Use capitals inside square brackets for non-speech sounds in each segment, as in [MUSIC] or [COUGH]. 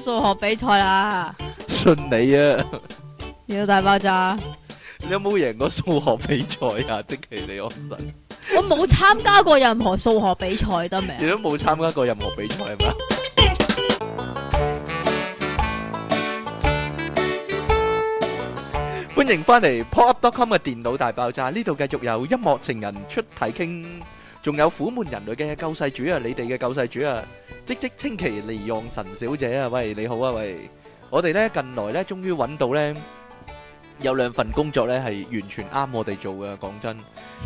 數學比賽啦！信你啊！要大爆炸！你有冇贏過數學比賽啊？積淇離岸神！我冇參加過任何數學比賽得未？你都冇參加過任何比賽嘛？歡迎翻嚟 pop dot com 嘅電腦大爆炸，呢度繼續有音樂情人出體傾。仲有苦悶人類嘅救世主啊！你哋嘅救世主啊！積積淇，離岸神小姐啊！喂，你好啊！喂，我哋呢近來呢，終於揾到呢有兩份工作呢，係完全啱我哋做嘅。講真，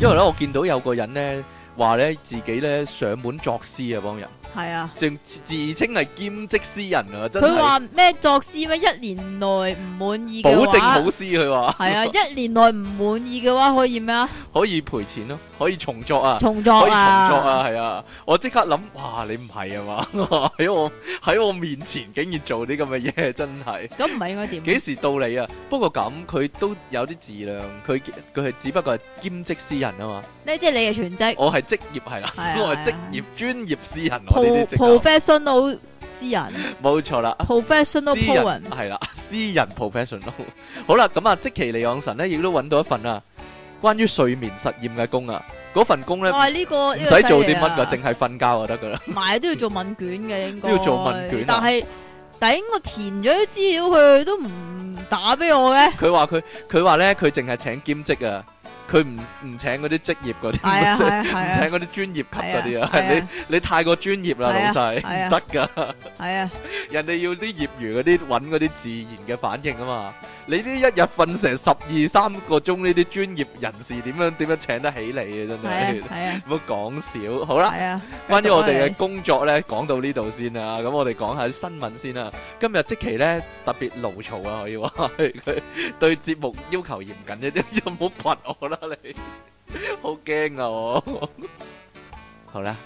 因為呢，我見到有個人呢。話咧自己咧上門作詩啊，幫人係啊，正自稱係兼職詩人啊，真係。佢話咩作詩咩？一年內唔滿意保證好詩，佢話係啊，一年內唔滿意嘅話，啊啊、話可以咩啊？ [LAUGHS] 可以賠錢咯、啊，可以重作啊，重作啊，重作啊，係啊！我即刻諗，哇！你唔係啊嘛？喺 [LAUGHS] 我喺我面前竟然做啲咁嘅嘢，真係。咁唔係應該點、啊？幾時到你啊？不過咁佢都有啲自量，佢佢係只不過係兼職詩人啊嘛。呢即係你係全職，我係。職業係啦，職業專業私人 professional 私人，冇錯啦。professional person 係啦，私人 professional。好啦，咁啊，積淇離岸神咧，亦都揾到一份啊，關於睡眠實驗嘅工啊，嗰份工咧，唔使做啲乜噶，淨係瞓覺就得噶啦。唔係都要做問卷嘅，應該都要做問卷。但係頂我填咗啲資料，佢都唔打俾我嘅。佢話佢佢話咧，佢淨係請兼職啊。佢唔唔請嗰啲職業嗰啲，唔請嗰啲專業級嗰啲啊！係啊，你你太過專業啦，老細唔得㗎。係啊，人哋要啲業餘嗰啲，揾嗰啲自然嘅反應啊嘛。你啲一日瞓成十二三個鐘，呢啲專業人士點樣點樣請得起你嘅真係？係啊，唔好講笑。好啦，關於我哋嘅工作咧，講到呢度先啦。咁我哋講下啲新聞先啦。今日即期咧特別勞嘈啊，可以話對節目要求嚴謹一啲，又唔好罰我啦，你好驚啊！我好啦，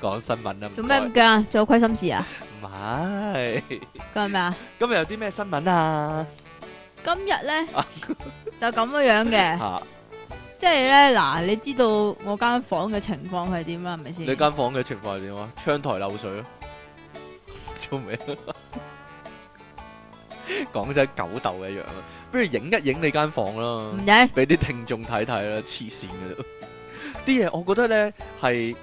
講新聞啦。做咩咁驚啊？做虧心事啊？唔係。講咩啊？今日有啲咩新聞啊？今日咧就咁樣樣嘅，即係咧嗱，你知道我間房嘅情況係點啦，係咪先？你間房嘅情況係點啊？窗台漏水咯，做咩，講真狗竇一樣啊！不如影一影你間房啦，唔影，俾啲聽眾睇睇啦，黐線嘅都，啲嘢我覺得咧係。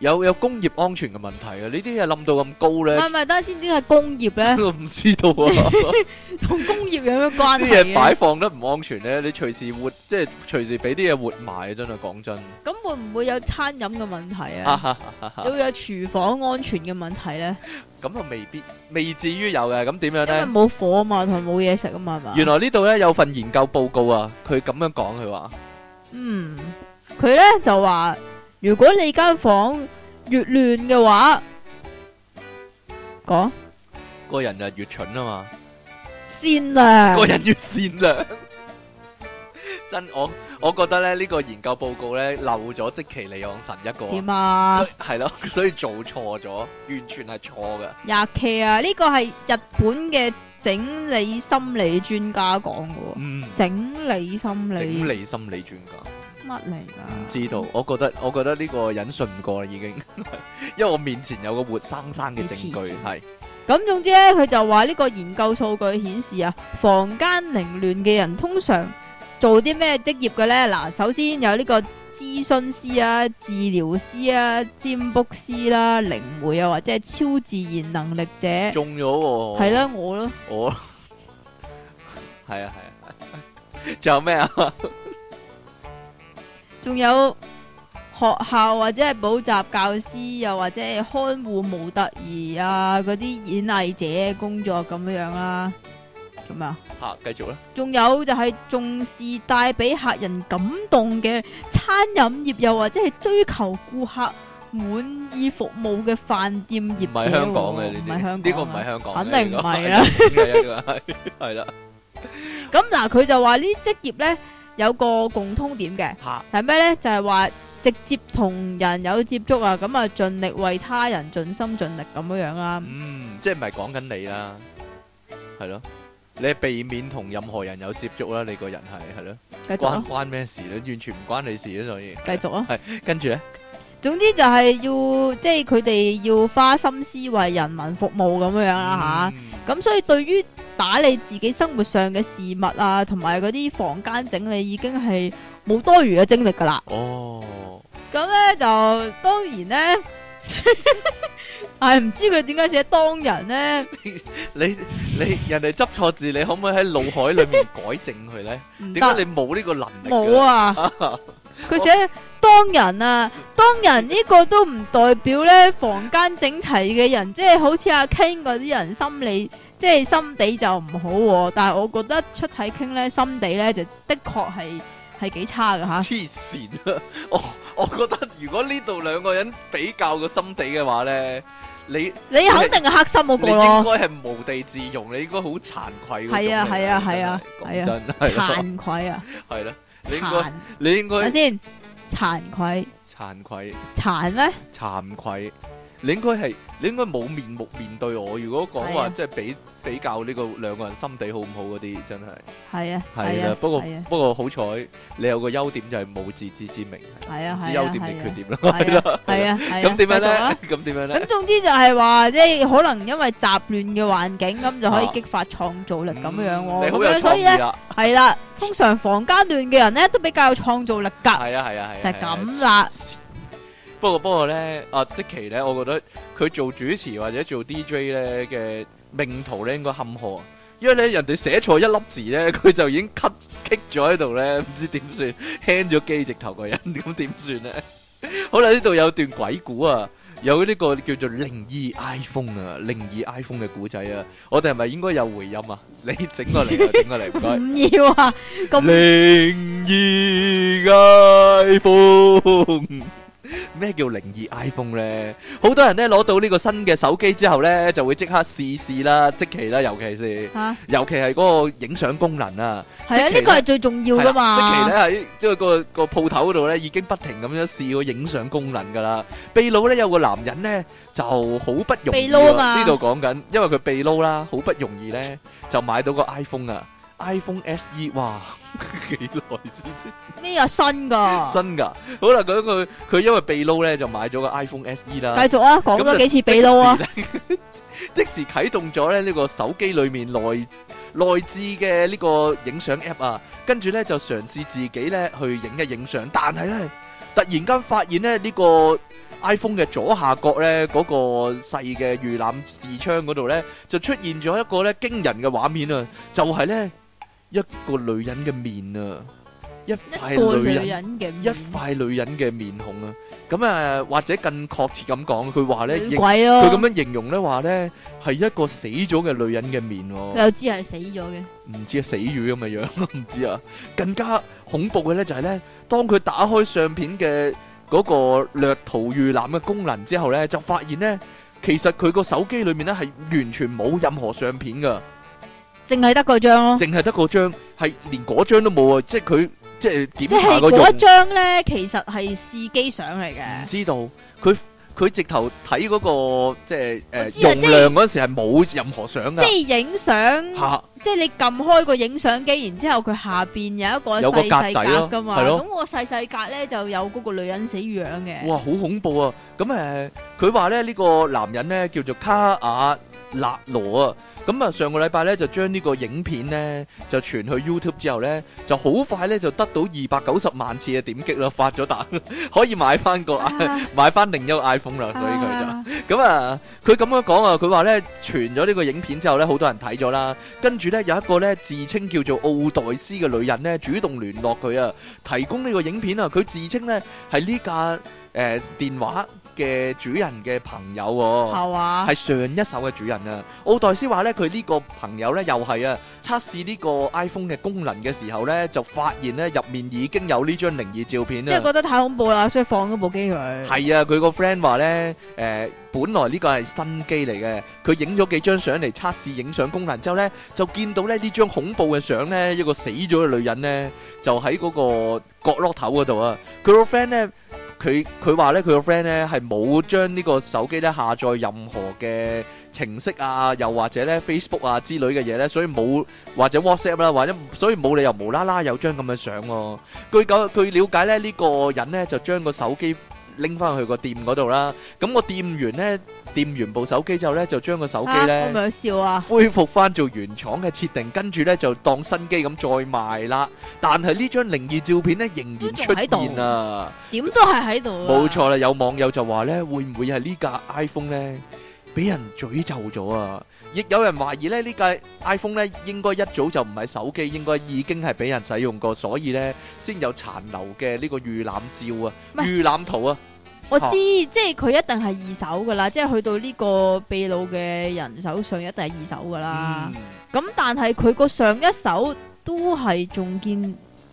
有有工業安全嘅問題啊！呢啲嘢冧到咁高咧，唔係唔係，等下先知係工業咧。唔 [LAUGHS] 知道啊，同 [LAUGHS] 工業有咩關係？啲嘢擺放得唔安全咧，你隨時活，即係隨時俾啲嘢活埋啊！真係講真。咁會唔會有餐飲嘅問題啊？ [LAUGHS] 有冇有廚房安全嘅問題咧？咁 [LAUGHS] 就未必，未至於有嘅。咁點樣咧？因為冇火啊嘛，同埋冇嘢食啊嘛，係嘛？原來呢度咧有份研究報告啊，佢咁樣講，佢話，嗯，佢咧就話。如果你間房越亂嘅話，講說個人就越蠢啊嘛。善良，個人越善良。 [LAUGHS] 真，我我覺得咧呢、這個研究報告咧漏咗積淇離岸神一個。點啊？係咯， [LAUGHS] 所以做錯咗，完全係錯嘅。廿 K 啊，呢個係日本嘅整理心理專家講嘅。嗯、整理心理，整理心理專家。乜嚟噶？唔知道，我覺得我覺得呢個人信唔過啦，已經， [LAUGHS] 因為我面前有個活生生嘅證據，係。咁是總之咧，佢就話呢個研究數據顯示啊，房間凌亂嘅人通常做啲咩職業嘅咧？嗱，首先有呢個諮詢師啊、治療師啊、占卜師啦、啊、靈媒啊，或者係超自然能力者。中咗喎！係啦、啊，我咯。我係啊係啊，仲有咩啊？仲有學校或者係補習教師，又或者係看護、模特兒啊，嗰啲演藝者工作咁樣樣啦。做咩啊？吓，繼續啦。仲有就係重視帶俾客人感動嘅餐飲業，又或者係追求顧客滿意服務嘅飯店業。唔係香港嘅呢啲，唔係香港，呢個唔係香港，肯定唔係啦。係啦。咁嗱，佢就話呢啲職業咧。有個共通點嘅，係咩咧？就係、是、話直接同人有接觸啊，咁啊盡力為他人盡心盡力咁樣樣、啊、啦。嗯，即係唔係講緊你啦，係咯？你避免同任何人有接觸啦、啊，你個人係係咯，關關咩事咧？完全唔關你事啦，所以繼續啊，係跟住咧。總之就係要即係佢哋要花心思為人民服務咁樣樣啦吓，咁、嗯啊、所以對於打理自己生活上嘅事物啊，同埋嗰啲房間整理已經係冇多餘嘅精力噶啦。哦，咁咧就當然咧，係 [LAUGHS] 唔知佢點解寫當人咧 [LAUGHS] 你你人哋執錯字，你可唔可以喺腦海裏面改正佢咧？點解 [LAUGHS] 行你冇呢個能力？冇啊，佢寫。當人啊， [LAUGHS] 當人呢個都唔代表咧，房間整齊嘅人， [LAUGHS] 即係好似阿 King 嗰啲人，心理即係心地就唔好、啊。但係我覺得出體 King 咧，心地咧就的確係係幾差嘅吓。黐線啊！我我覺得如果呢度兩個人比較個心地嘅話咧，你你肯定係黑心嗰個咯。你應該係無地自容，你應該好慚愧。係啊係啊係啊係啊！真係慚愧啊！係啦、 [LAUGHS] 啊，你應該係咪先？慚愧，慚愧，慚咩？慚愧。慚愧。你應該係，你應該冇面目面對我。如果講話即係比比較呢個兩個人心地好唔好嗰啲，真係係啊，係啦。不過不過好彩，你有個優點就係冇自知之明。係啊，係啊，係優點亦缺點咯，係咯。係啊，咁點樣咧？咁點樣咧？咁總之就係話，即係可能因為雜亂嘅環境，咁就可以激發創造力咁樣喎。咁樣所以咧，係啦。通常房間亂嘅人咧，都比較有創造力㗎。係啊，係啊，係就係咁啦。不過不過咧，阿積淇咧，我覺得佢做主持或者做 DJ 咧嘅命途咧應該坎坷啊，因為咧人哋寫錯一粒字咧，佢就已經吸棘咗喺度咧，唔知點算，輕咗機直頭個人，咁點算咧？好啦，呢度有段鬼故啊，有呢個叫做《靈異 iPhone》啊，《靈異 iPhone》嘅故仔啊，我哋係咪應該有回音啊？你整過嚟，整過嚟唔該。唔要啊！靈異 iPhone。咩叫靈異 iPhone 呢？好多人咧攞到呢個新嘅手機之後呢，就會即刻試試啦，即期啦，尤其是，啊、尤其係嗰個影相功能啊。係啊，呢個係最重要噶嘛。即期呢喺即係個個鋪頭嗰度呢，呢個嗰個嗰個、已經不停咁樣試個影相功能噶啦。秘魯呢，有個男人呢，就好不容易、啊，秘魯啊嘛，呢度講緊，因為佢秘魯啦，好不容易呢，就買到個 iPhone 啊。iPhone SE 哇，幾耐先知？咩啊，新噶？新噶，好啦，咁佢佢因為被撈咧，就買咗個 iPhone SE 啦。繼續啊，講多幾次被撈啊！即時啟動咗咧呢個手機裏面內內置嘅呢個影相 app 啊，跟住咧就嘗試自己咧去影一影相，但係咧突然間發現咧呢個 iPhone 嘅左下角咧嗰個細嘅預覽視窗嗰度咧就出現咗一個咧驚人嘅畫面啊！就係咧。一個女人嘅面啊，一塊女人嘅一塊女人嘅面孔啊，咁啊，或者更確切咁講，佢話咧，鬼啊，佢咁樣形容咧話咧係一個死咗嘅女人嘅面喎。佢又知係死咗嘅，唔知係死魚咁嘅樣，唔知啊。更加恐怖嘅咧就係咧，當佢打開相片嘅嗰個掠圖預覽嘅功能之後咧，就發現咧其實佢個手機裏面咧係完全冇任何相片噶。淨係得嗰張咯，淨係得嗰張，係連嗰張都冇啊！即係佢即係點即係嗰張咧，其實係試機相嚟嘅。唔知道佢。佢直頭睇嗰個即係誒容量陣時係冇任何相噶，即係影相吓，即係你撳開個影相機，然之後佢下邊有一個細細格噶嘛，係咯，咁個細細格咧就有嗰個女人死樣嘅。哇，好恐怖啊！咁誒，佢話咧呢個男人咧叫做卡亞納羅啊，咁啊上個禮拜咧就將呢個影片咧就傳去 YouTube 之後咧就好快咧就得到二百九十萬次嘅點擊啦，發咗達，可以買翻個買翻另一。封啦，所以佢就咁啊，佢咁樣講啊，佢話咧傳咗呢個影片之後咧，好多人睇咗啦，跟住咧有一個咧自稱叫做奧黛絲嘅女人咧，主動聯絡佢啊，提供呢個影片啊，佢自稱咧係呢架誒、呃、電話。嘅主人嘅朋友喎，係啊，係上一手嘅主人啊。奧黛斯話咧，佢呢個朋友咧又係啊，測試呢個 iPhone 嘅功能嘅時候咧，就發現咧入面已經有呢張靈異照片啊！即係覺得太恐怖啦，所以放咗部機佢。係啊，佢個 friend 話咧，誒，本來呢個係新機嚟嘅，佢影咗幾張相嚟測試影相功能，之後咧就見到咧呢張恐怖嘅相咧，一個死咗嘅女人咧就喺嗰個角落頭嗰度啊。佢個 friend 咧。佢佢話咧，佢個 friend 咧係冇將呢個手機咧下載任何嘅程式啊，又或者咧 Facebook 啊之類嘅嘢咧，所以冇或者 WhatsApp 啦，或者，App，或者所以冇理由無啦啦有張咁嘅相喎。據據了解咧，呢個人咧就將個手機。拎翻去個店嗰度啦，咁個店員呢，掂完部手機之後呢，就將個手機呢恢復翻做原廠嘅設定，跟住呢就當新機咁再賣啦。但係呢張靈異照片呢，仍然出現啊，點都係喺度啊！冇錯啦，有網友就話呢，會唔會係呢架 iPhone 呢俾人詛咒咗啊？亦有人懷疑呢，呢架 iPhone 呢應該一早就唔係手機，應該已經係俾人使用過，所以呢先有殘留嘅呢個預覽照啊、預覽圖啊。我知，即係佢一定係二手噶啦，即係去到呢個秘魯嘅人手上一定係二手噶啦。咁、嗯嗯、但係佢個上一手都係仲見，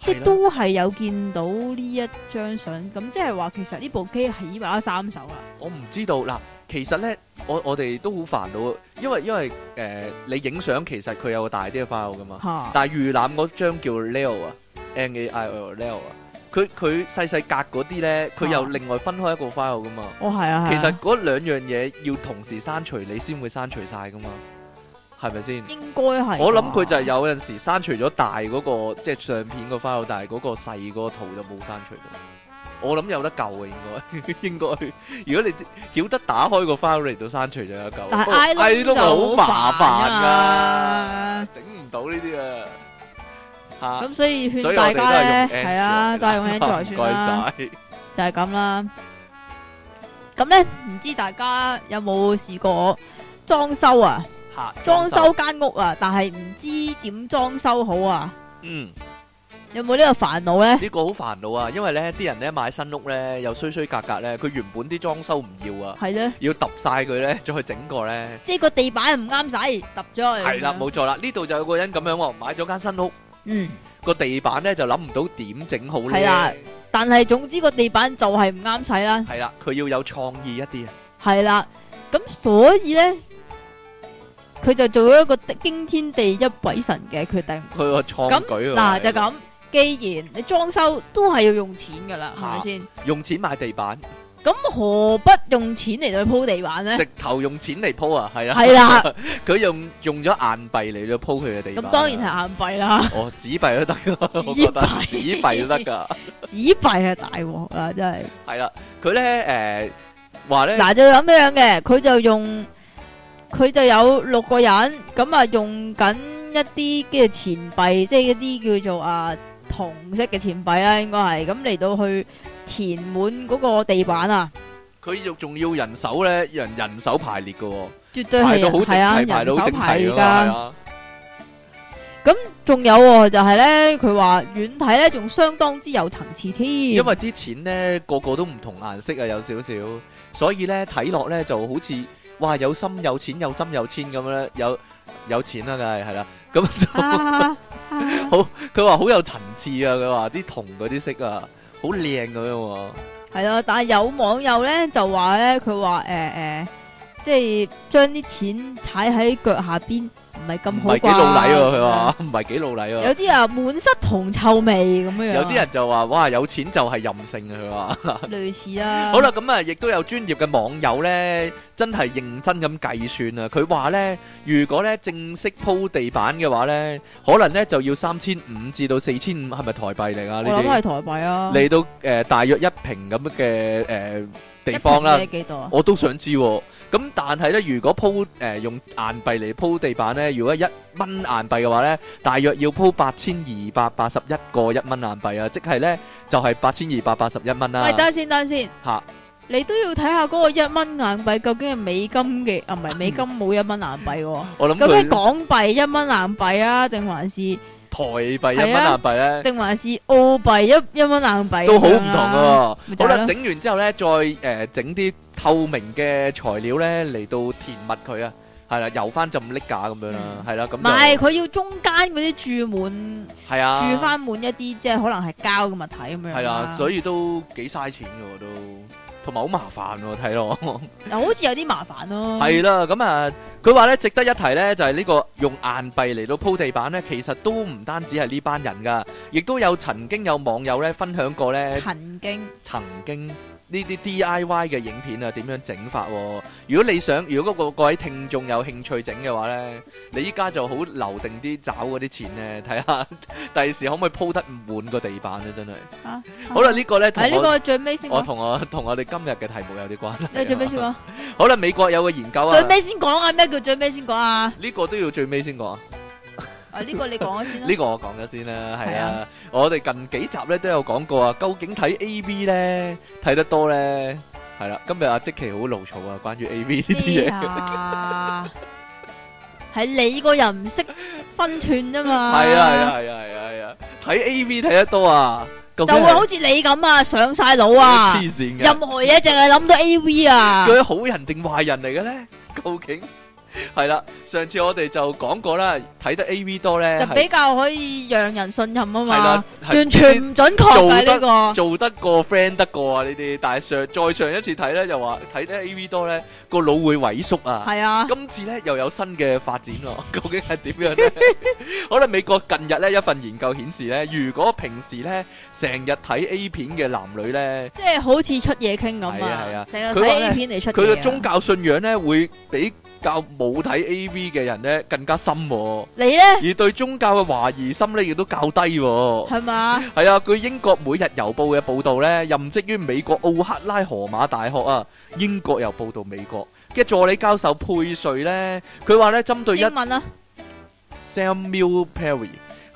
是的 即係都係有見到呢一張相。咁即係話其、其實呢部機起碼有三手啦。我唔知道嗱，其實咧，我我哋都好煩惱，因為因為誒、呃、你影相其實佢有個大啲嘅 file 噶嘛，啊、但係預覽張叫 Leo 啊，N A I L Leo 啊。佢佢細細格嗰啲呢，佢又、啊、另外分開一個 file 噶嘛。哦，係啊，其實嗰兩樣嘢要同時刪除你先會刪除晒噶嘛，係咪先？應該係。我諗佢就係有陣時刪除咗大嗰個，即係相片個 file，但係嗰個細個圖就冇刪除。我諗有得救嘅應該，應該。 [LAUGHS] 如果你曉得打開個 file 嚟到刪除就有得救。但係 iCloud 咪好麻煩㗎，整唔到呢啲啊！啊。咁所以勸大家咧，係啊，就係咁樣再算啦，就係咁啦。咁咧，唔知大家有冇試過裝修啊？哈！裝修間屋啊，但係唔知點裝修好啊？嗯，有冇呢個煩惱咧？呢個好煩惱啊！因為咧，啲人咧買新屋咧又衰衰格格咧，佢原本啲裝修唔要啊，係咧，要揼晒佢咧再去整過咧，即係個地板唔啱使，揼咗去。係啦，冇錯啦，呢度就有個人咁樣喎，買咗間新屋。嗯，個地板咧就諗唔到點整好咧。係啦，但係總之個地板就係唔啱使啦。係啦，佢要有創意一啲啊。係啦，咁所以咧，佢就做咗一個驚天地一鬼神嘅決定。佢個創舉嗱就咁，既然你裝修都係要用錢噶啦，係咪先？用錢買地板。咁何不用錢嚟到鋪地板咧？直頭用錢嚟鋪啊，係啦啊，係啦，佢用用咗硬幣嚟到鋪佢嘅地板。咁當然係硬幣啦。哦，紙幣都得噶，紙幣我覺得紙幣都得噶。紙幣係大鑊啊，真係。係啦， [LAUGHS] [LAUGHS] 佢咧誒話咧嗱就咁樣嘅，佢就用佢就有六個人咁啊，就用緊一啲嘅錢幣，即係一啲叫做啊。紅色嘅錢幣啦，應該係咁嚟到去填滿嗰個地板啊！佢仲仲要人手咧，人人手排列噶，哦，絕對排到好整齊啊，人手排噶。咁仲、啊嗯、有、哦、就係、是、咧，佢話遠睇咧仲相當之有層次添。因為啲錢呢，個個都唔同顏色啊，有少少，所以咧睇落咧就好似哇有心有錢有心有錢咁樣，有有錢啦，梗係係啦。咁。 [LAUGHS] 佢話好有層次的的啊！佢話啲銅嗰啲色啊，好靚咁樣喎。係啊，但係有網友咧就話咧，佢話誒誒。呃呃即係將啲錢踩喺腳下邊，唔係咁好啩？唔係幾老禮喎，啊，佢話唔係幾老禮喎，啊。有啲人滿室銅臭味咁樣。有啲人就話，哇，有錢就係任性啊！佢話。類似啊。 [LAUGHS] 好啦，咁啊，亦都有專業嘅網友咧，真係認真咁計算啊。佢話咧，如果咧正式鋪地板嘅話咧，可能咧就要三千五至到四千五，係咪台幣嚟啊？我諗係台幣啊你。嚟到誒大約一坪咁嘅誒地方啦。一坪幾多？我都想知喎，啊。咁、嗯、但係咧，如果鋪誒、呃、用硬幣嚟鋪地板咧，如果一蚊硬幣嘅話咧，大約要鋪八千二百八十一個一蚊硬幣啊，即係咧就係八千二百八十一蚊啦。喂，等先，等先哈。吓，你都要睇下嗰個一蚊硬幣究竟係美金嘅？ [LAUGHS] 啊唔係美金冇一蚊硬幣，我諗咁係港幣一蚊硬幣啊，定 [LAUGHS] 想他、啊、還是台幣一蚊硬幣咧、啊？定、啊、還是澳幣一一蚊硬幣、啊？都、啊、 [LAUGHS] 好唔同嘅。好啦，整完之後咧，再誒、呃、整啲。透明嘅材料咧嚟到填密佢啊，係啦，油翻浸拎架咁樣啦，係啦咁。唔係佢要中間嗰啲注滿，係啊，注翻滿一啲即係可能係膠嘅物體咁樣。係啦，所以都幾嘥錢㗎都，同埋好麻煩咯，睇落。又好似有啲麻煩咯。係啦，咁啊，佢話咧值得一提咧，就係呢個用硬幣嚟到鋪地板咧，其實都唔單止係呢班人噶，亦都有曾經有網友咧分享過咧，曾經，曾經。呢啲 D I Y 嘅影片啊，點樣整法啊？如果你想，如果嗰各位聽眾有興趣整嘅話咧，你依家就好留定啲找嗰啲錢咧，睇下第時可唔可以鋪得滿個地板咧，啊，真係。啊！好啦，呢個、呢、啊呢個咧同、啊、我同我同我哋今日嘅題目有啲關係，啊。你最尾先講。 [LAUGHS] 好啦，美國有個研究啊。最尾先講啊！咩叫最尾先講啊？呢個都要最尾先講。啊！呢個你講咗先，呢個我講咗先啦。係啊，我哋近幾集咧都有講過啊。究竟睇 AV 咧睇得多咧？係啦，今日阿積淇好牢騷啊，關於 AV 呢啲嘢。係你個人唔識分寸啫嘛。係啊係啊係啊係啊！睇 AV 睇得多啊，就會好似你咁啊，上晒腦啊，黐線！任何嘢淨係諗到 AV 啊，佢係好人定壞人嚟嘅咧？究竟？係啦，上次我哋就講過啦，睇得 A V 多咧，就比較可以讓人信任啊嘛，完全唔準確呢個做得做得過 friend 得過啊，你哋，但係上再上一次睇咧，又話睇得 A V 多咧，個腦會萎縮啊，係啊，今次咧又有新嘅發展咯，究竟係點樣咧？可能美國近日咧一份研究顯示咧，如果平時咧成日睇 A 片嘅男女咧，即係好似出體 king 咁啊，成日睇 A 片嚟出嘢，佢嘅宗教信仰咧會比。教冇睇 AV 嘅人咧更加深，你咧而對宗教嘅懷疑心咧亦都較低，係嘛？係啊，據英國每日郵報嘅報道咧，任職於美國奧克拉荷馬大學啊，英國又報道美國嘅助理教授佩瑞咧，佢話咧針對一。英文啊。Samuel Perry。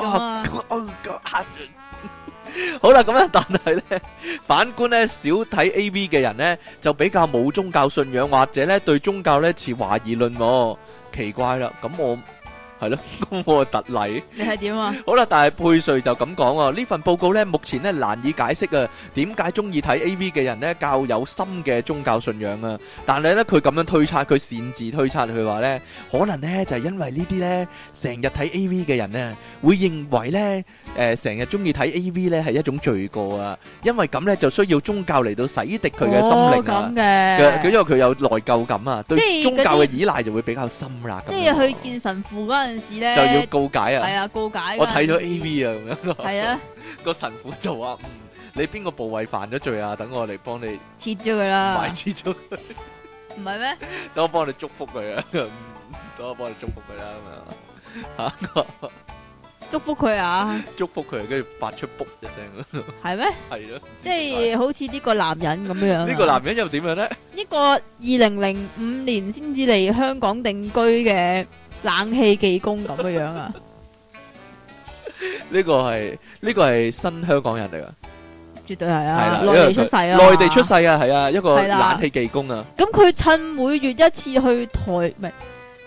Oh, God. Oh, God. [LAUGHS] [LAUGHS] 好啦，咁咧，但係咧，反觀咧，少睇 A V 嘅人咧，就比較冇宗教信仰，或者咧對宗教咧似懷疑論，哦，奇怪啦，咁我。係咯，咁我特例。你係點啊？好啦，但係佩瑞就咁講喎，呢份報告咧，目前咧難以解釋啊，點解中意睇 AV 嘅人咧較有深嘅宗教信仰啊？但係咧，佢咁樣推測，佢擅自推測，佢話咧，可能咧就係因為呢啲咧，成日睇 AV 嘅人咧，會認為咧，誒成日中意睇 AV 咧係一種罪過啊，因為咁咧就需要宗教嚟到洗滌佢嘅心靈啊。哦，咁嘅。佢因為佢有內疚感啊，對宗教嘅依賴就會比較深啦。即係去見神父嗰陣。就要告解啊！係啊，告解。我睇咗 AV 啊，咁樣。係啊，個神父就話，嗯，你邊個部位犯咗罪啊？等我嚟幫你切咗佢啦，切咗佢。唔係咩？等我幫你祝福佢啊！等我幫你祝福佢啦！吓，祝福佢啊！祝福佢，跟住發出卜一聲咯。係咩？係咯，即係好似呢個男人咁樣。呢個男人又點樣咧？呢個二零零五年先至嚟香港定居嘅。冷氣技工咁嘅樣啊！呢個係呢個係新香港人嚟噶，絕對係啊，內地出世啊，內地出世啊，係啊，一個冷氣技工啊。咁佢趁每月一次去台唔係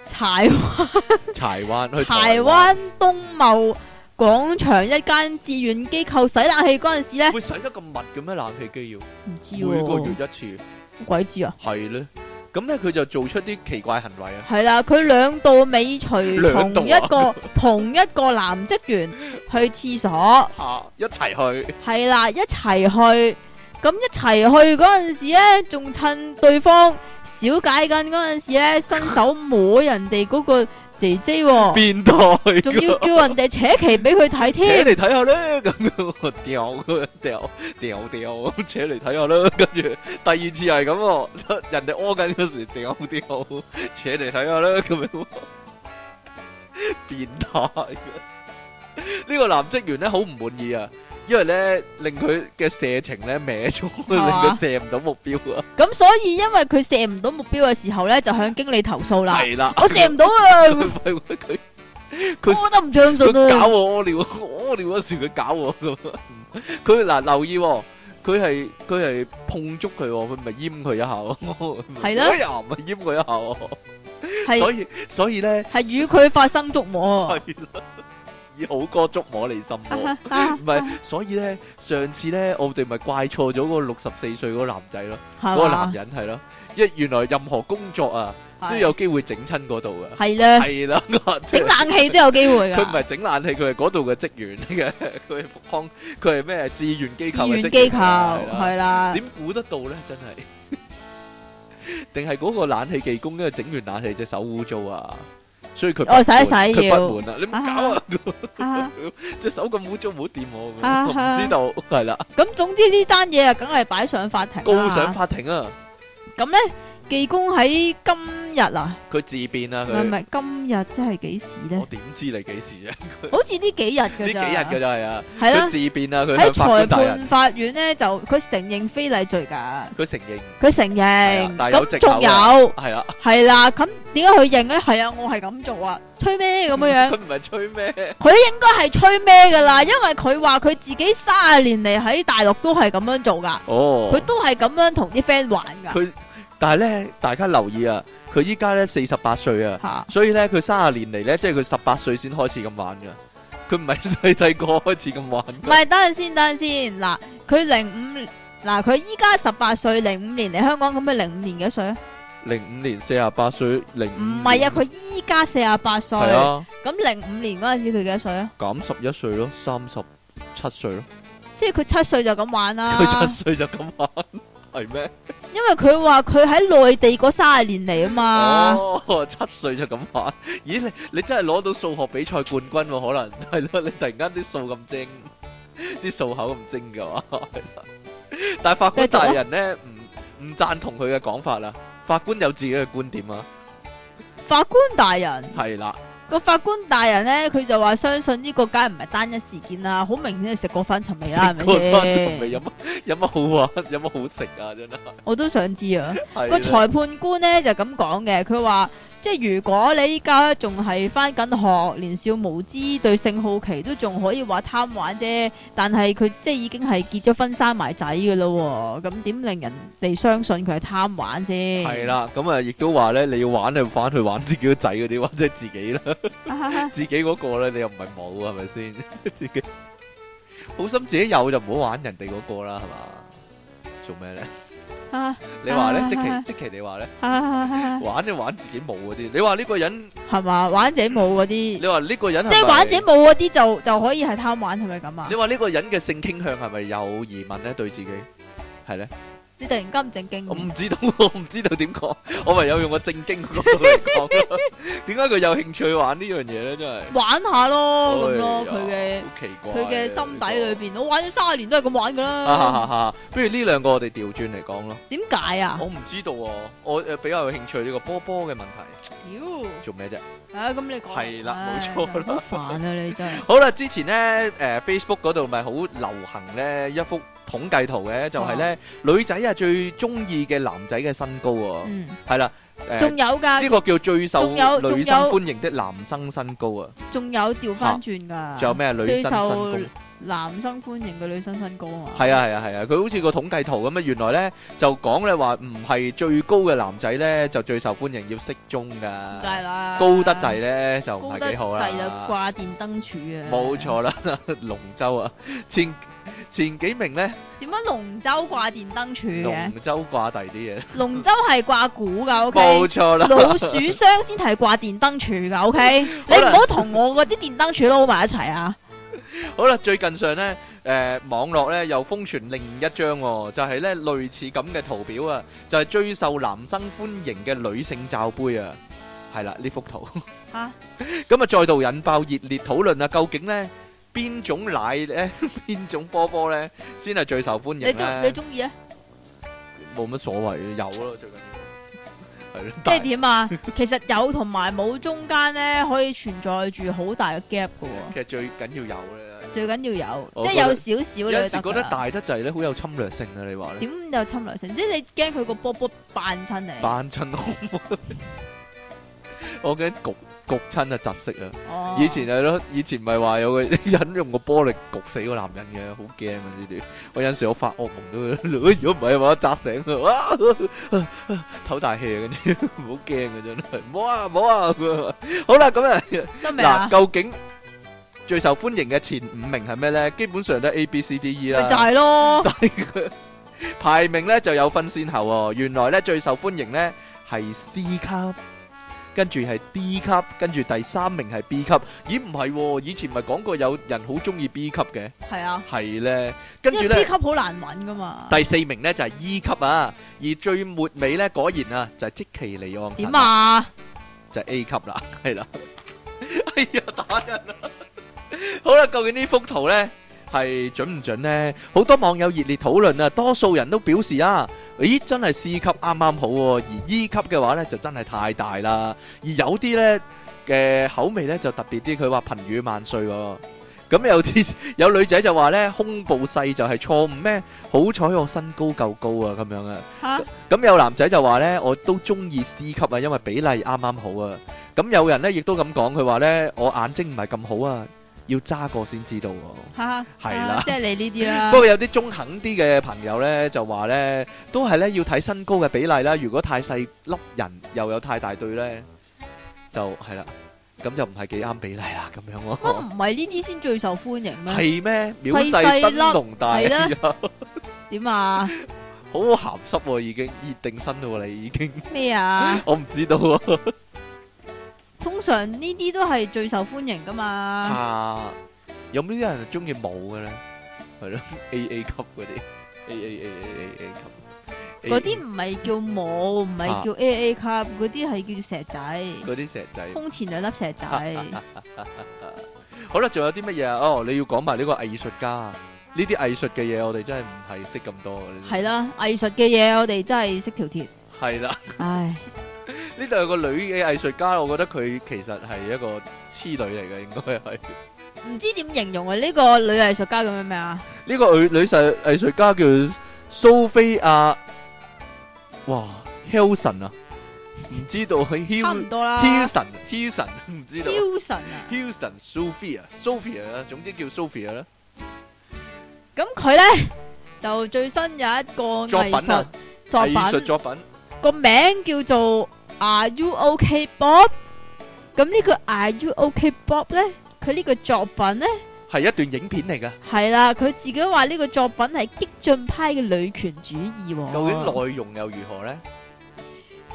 柴灣，柴灣，柴灣東貿廣場一間志願機構洗冷氣嗰陣時咧，會洗得咁密嘅咩？冷氣機要唔知喎，每個月一次，鬼知啊，係咧。咁咧，佢就做出啲奇怪行為啊！係啦，佢兩度尾隨同一個到、啊、 [LAUGHS] 同一個男職員去廁所，啊、一齊去，係啦，一齊去。咁、嗯、一齊去嗰陣時咧，仲趁對方小解緊嗰陣時咧，伸手摸人哋嗰個。 [LAUGHS] 姐姐，變態，仲要叫人哋扯旗俾佢睇添，扯嚟睇下啦，咁樣掉掉掉掉，扯嚟睇下啦！跟住第二次係咁，人哋屙緊嗰時掉掉，扯嚟睇下啦，咁樣變態，呢個男職員咧好唔滿意啊！因為咧令佢嘅射程咧歪咗，令佢射唔到目標啊！咁所以因為佢射唔到目標嘅時候咧，就向經理投訴啦。係啦，我射唔到啊！佢我都唔暢順啊！搞我屙尿，屙尿嗰時佢搞我咁啊！佢嗱留意，佢係佢係碰觸佢，佢咪淹佢一下咯。係啦，咪淹佢一下。所以所以咧，係與佢發生捉摸。以好歌觸摸你心窩，唔係，所以咧，上次咧，我哋咪怪錯咗嗰六十四歲嗰男仔咯，嗰個男人係咯，因為原來任何工作啊都有機會整親嗰度嘅，係啦，係啦，整冷氣都有機會嘅，佢唔係整冷氣，佢係嗰度嘅職員嚟嘅，佢係復康，佢係咩？志願機構嘅職員，機構係啦，點估得到咧？真係，定係嗰個冷氣技工因為整完冷氣隻手污糟啊！所以佢哦洗一洗，佢關門啦，你唔搞啊，隻手咁污糟，唔好掂我，我唔知道，係啦。咁總之呢單嘢啊，梗係擺上法庭，告上法庭啊！咁咧技工喺今今日啦，佢自辯啦，佢唔係唔係今日即係幾時咧？我點知你幾時啊？好似呢幾日嘅，呢幾日嘅就係啊，佢自辯啦，佢喺裁判法院咧就佢承認非禮罪噶，佢承認，佢承認，咁仲有係啊，係啦，咁點解佢認咧？係啊，我係咁做啊，吹咩咁樣樣？佢唔係吹咩，佢應該係吹咩噶啦，因為佢話佢自己三十年嚟喺大陸都係咁樣做噶，哦，佢都係咁樣同啲 friend 玩噶。但係咧，大家留意啊，佢依家咧四十八歲啊，啊所以咧佢三十年嚟咧，即係佢十八歲先開始咁玩噶，佢唔係細細個開始咁玩。唔係等陣先，等陣先。嗱，佢零五，嗱佢依家十八歲，零五年嚟香港咁，佢零五年幾歲啊？零五年四十八歲，零唔係啊，佢依家四十八歲，係啊，咁零五年嗰陣時佢幾歲啊？減十一歲咯，三十七歲咯，即係佢七歲就咁玩啦，佢七歲就咁玩。係咩？因為佢話佢喺內地嗰卅年嚟，啊嘛。哦，七歲就咁話？咦，你你真係攞到數學比賽冠軍喎？可能係咯？你突然間啲數咁精，啲數口咁精嘅話。但係法官大人呢，唔唔贊同佢嘅講法啦。法官有自己嘅觀點啊。法官大人。係啦。個法官大人咧，佢就話相信呢個梗唔係單一事件啦，好明顯係食過番尋味啦，係咪先？食過番尋味有乜有乜好玩？有乜好食啊？真係我都想知啊！ [LAUGHS] 是的 個裁判官咧就咁講嘅，佢話。即係如果你依家仲係翻緊學，年少無知，對性好奇都仲可以話貪玩啫。但係佢即係已經係結咗婚生埋仔㗎喇，咁點令人哋相信佢係貪玩先？係啦，咁啊，亦都話咧，你要玩就翻去玩自己個仔嗰啲，或者自己啦，自己嗰個咧，你又唔係冇，係咪先？自己好心自己有就唔好玩人哋嗰個啦，係嘛？做咩咧？Ah, 你話咧，即其即其你話咧，玩就玩自己冇嗰啲。你話呢個人係嘛玩者冇嗰啲？ [LAUGHS] 你話呢個人即係玩者冇嗰啲就就可以係貪玩，係咪咁啊？你話呢個人嘅性傾向係咪有疑問咧？對自己係咧？你突然間唔正經，我唔知道，我唔知道點講，我唯有用個正經角度嚟講。點解佢有興趣玩呢樣嘢咧？真係玩下咯，咁咯，佢嘅好奇怪佢嘅心底裏邊，我玩咗三年都係咁玩噶啦。啊啊啊！不如呢兩個我哋調轉嚟講咯。點解啊？我唔知道，我誒比較有興趣呢個波波嘅問題。妖做咩啫？啊，咁你講係啦，冇錯啦。好煩啊！你真係。好啦，之前咧誒 Facebook 嗰度咪好流行咧一幅。統計圖嘅就係咧，女仔啊最中意嘅男仔嘅身高啊，係啦，仲有噶呢個叫最受女生歡迎的男生身高啊，仲有調翻轉噶，仲有咩女生身高？最受男生歡迎嘅女生身高啊，係啊係啊係啊，佢好似個統計圖咁啊，原來咧就講咧話唔係最高嘅男仔咧就最受歡迎，要適中噶，梗係啦，高得滯咧就唔係幾好啦，滯就掛電燈柱啊，冇錯啦，龍舟啊，千。前幾名咧？點解龍舟掛電燈柱嘅？龍舟掛第二啲嘢？龍舟係掛鼓噶，O K。冇錯啦。老鼠箱先係掛電燈柱噶，O K。你唔好同我嗰啲電燈柱撈埋一齊啊！好啦，最近上咧，誒，網絡咧又瘋傳另一張，就係咧類似咁嘅圖表啊，就係最受男生歡迎嘅女性罩杯啊，係啦，呢幅圖吓。咁啊，再度引爆熱烈討論啊，究竟咧？邊種奶咧，邊種波波咧，先係最受歡迎。你中你中意啊？冇乜所謂，有咯，最緊要係咯。即係點啊？其實有同埋冇中間咧，可以存在住好大嘅 gap 嘅。其實最緊要有咧，最緊要有，即係有少少你得啦。有時覺得大得滯咧，好有侵略性啊！你話咧？點有侵略性？即係你驚佢個波波扮親你？扮親我驚焗。焗親啊，窒息啊！以前係咯，以前唔係話有個人用個玻璃焗死個男人嘅，好驚啊！呢啲我有時我發惡夢都，如果唔係我扎醒佢，哇，唞大氣啊！跟住，唔好驚啊，真係好啊好啊！ [LAUGHS] 啊啊啊 [LAUGHS] 好啦，咁啊嗱，究竟最受歡迎嘅前五名係咩咧？基本上都 A B C D E 啦，就係咯。 [LAUGHS] 但排名咧就有分先後哦。原來咧最受歡迎咧係 C 級。跟住係 D 級，跟住第三名係 B 級，咦唔係，喎？以前咪講過有人好中意 B 級嘅，係啊，係咧，跟住咧，因為 B 級好難揾噶嘛。第四名咧就係、是、E 級啊，而最末尾咧果然啊就係、是、積淇離岸，點啊，就係 A 級啦，係啦， [LAUGHS] 哎呀打人啦， [LAUGHS] 好啦，究竟呢幅圖咧？係準唔準呢？好多網友熱烈討論啊！多數人都表示啊，咦，真係 C 級啱啱好，而 E 級嘅話呢就真係太大啦。而有啲呢嘅口味呢就特別啲，佢話貧乳萬歲。咁有啲有女仔就話呢，胸部細就係錯誤咩？好彩我身高夠高啊！咁樣啊。吓，咁有男仔就話呢，我都中意 C 級啊，因為比例啱啱好啊。咁有人呢亦都咁講，佢話呢，我眼睛唔係咁好啊。要揸過先知道喎，哈哈，係啦，即係你呢啲啦。不過有啲中肯啲嘅朋友咧，就話咧，都係咧要睇身高嘅比例啦。如果太細粒人又有太大對咧，就係啦，咁就唔係幾啱比例啦，咁樣。乜唔係呢啲先最受歡迎？係咩？秒細粒龍大，點啊？好咸濕喎，已經熱定身啦，你已經。咩啊？我唔知道啊。通常呢啲都係最受歡迎噶嘛啊，有有 [LAUGHS] 啊。啊，有冇啲人中意冇嘅咧？係咯，A A 級嗰啲，A A A A A A 級。嗰啲唔係叫冇，唔係叫 A A 級，嗰啲係叫做石仔。嗰啲石仔胸前兩粒石仔。好啦，仲有啲乜嘢啊？哦，oh, 你要講埋呢個藝術家，呢啲藝術嘅嘢我哋真係唔係識咁多。係啦，嗯，藝術嘅嘢我哋真係識條鐵。係啦。唉。呢度有個女嘅藝術家，我覺得佢其實係一個痴女嚟嘅，應該係唔知點形容啊！呢個女藝術家叫咩名啊？呢個女女細藝術家叫蘇菲亞，哇，Hilton 啊，唔知道係 Hilton，Hilton，Hilton 唔知道，Hilton 啊，Hilton，Sophia，Sophia 啦，總之叫 Sophia 啦。咁佢咧就最新有一個藝術作品，個名叫做。Are you OK, Bob？咁呢個 Are you OK, Bob？咧佢呢個作品咧係一段影片嚟噶。係啦，佢自己話呢個作品係激進派嘅女權主義、哦。究竟內容又如何咧？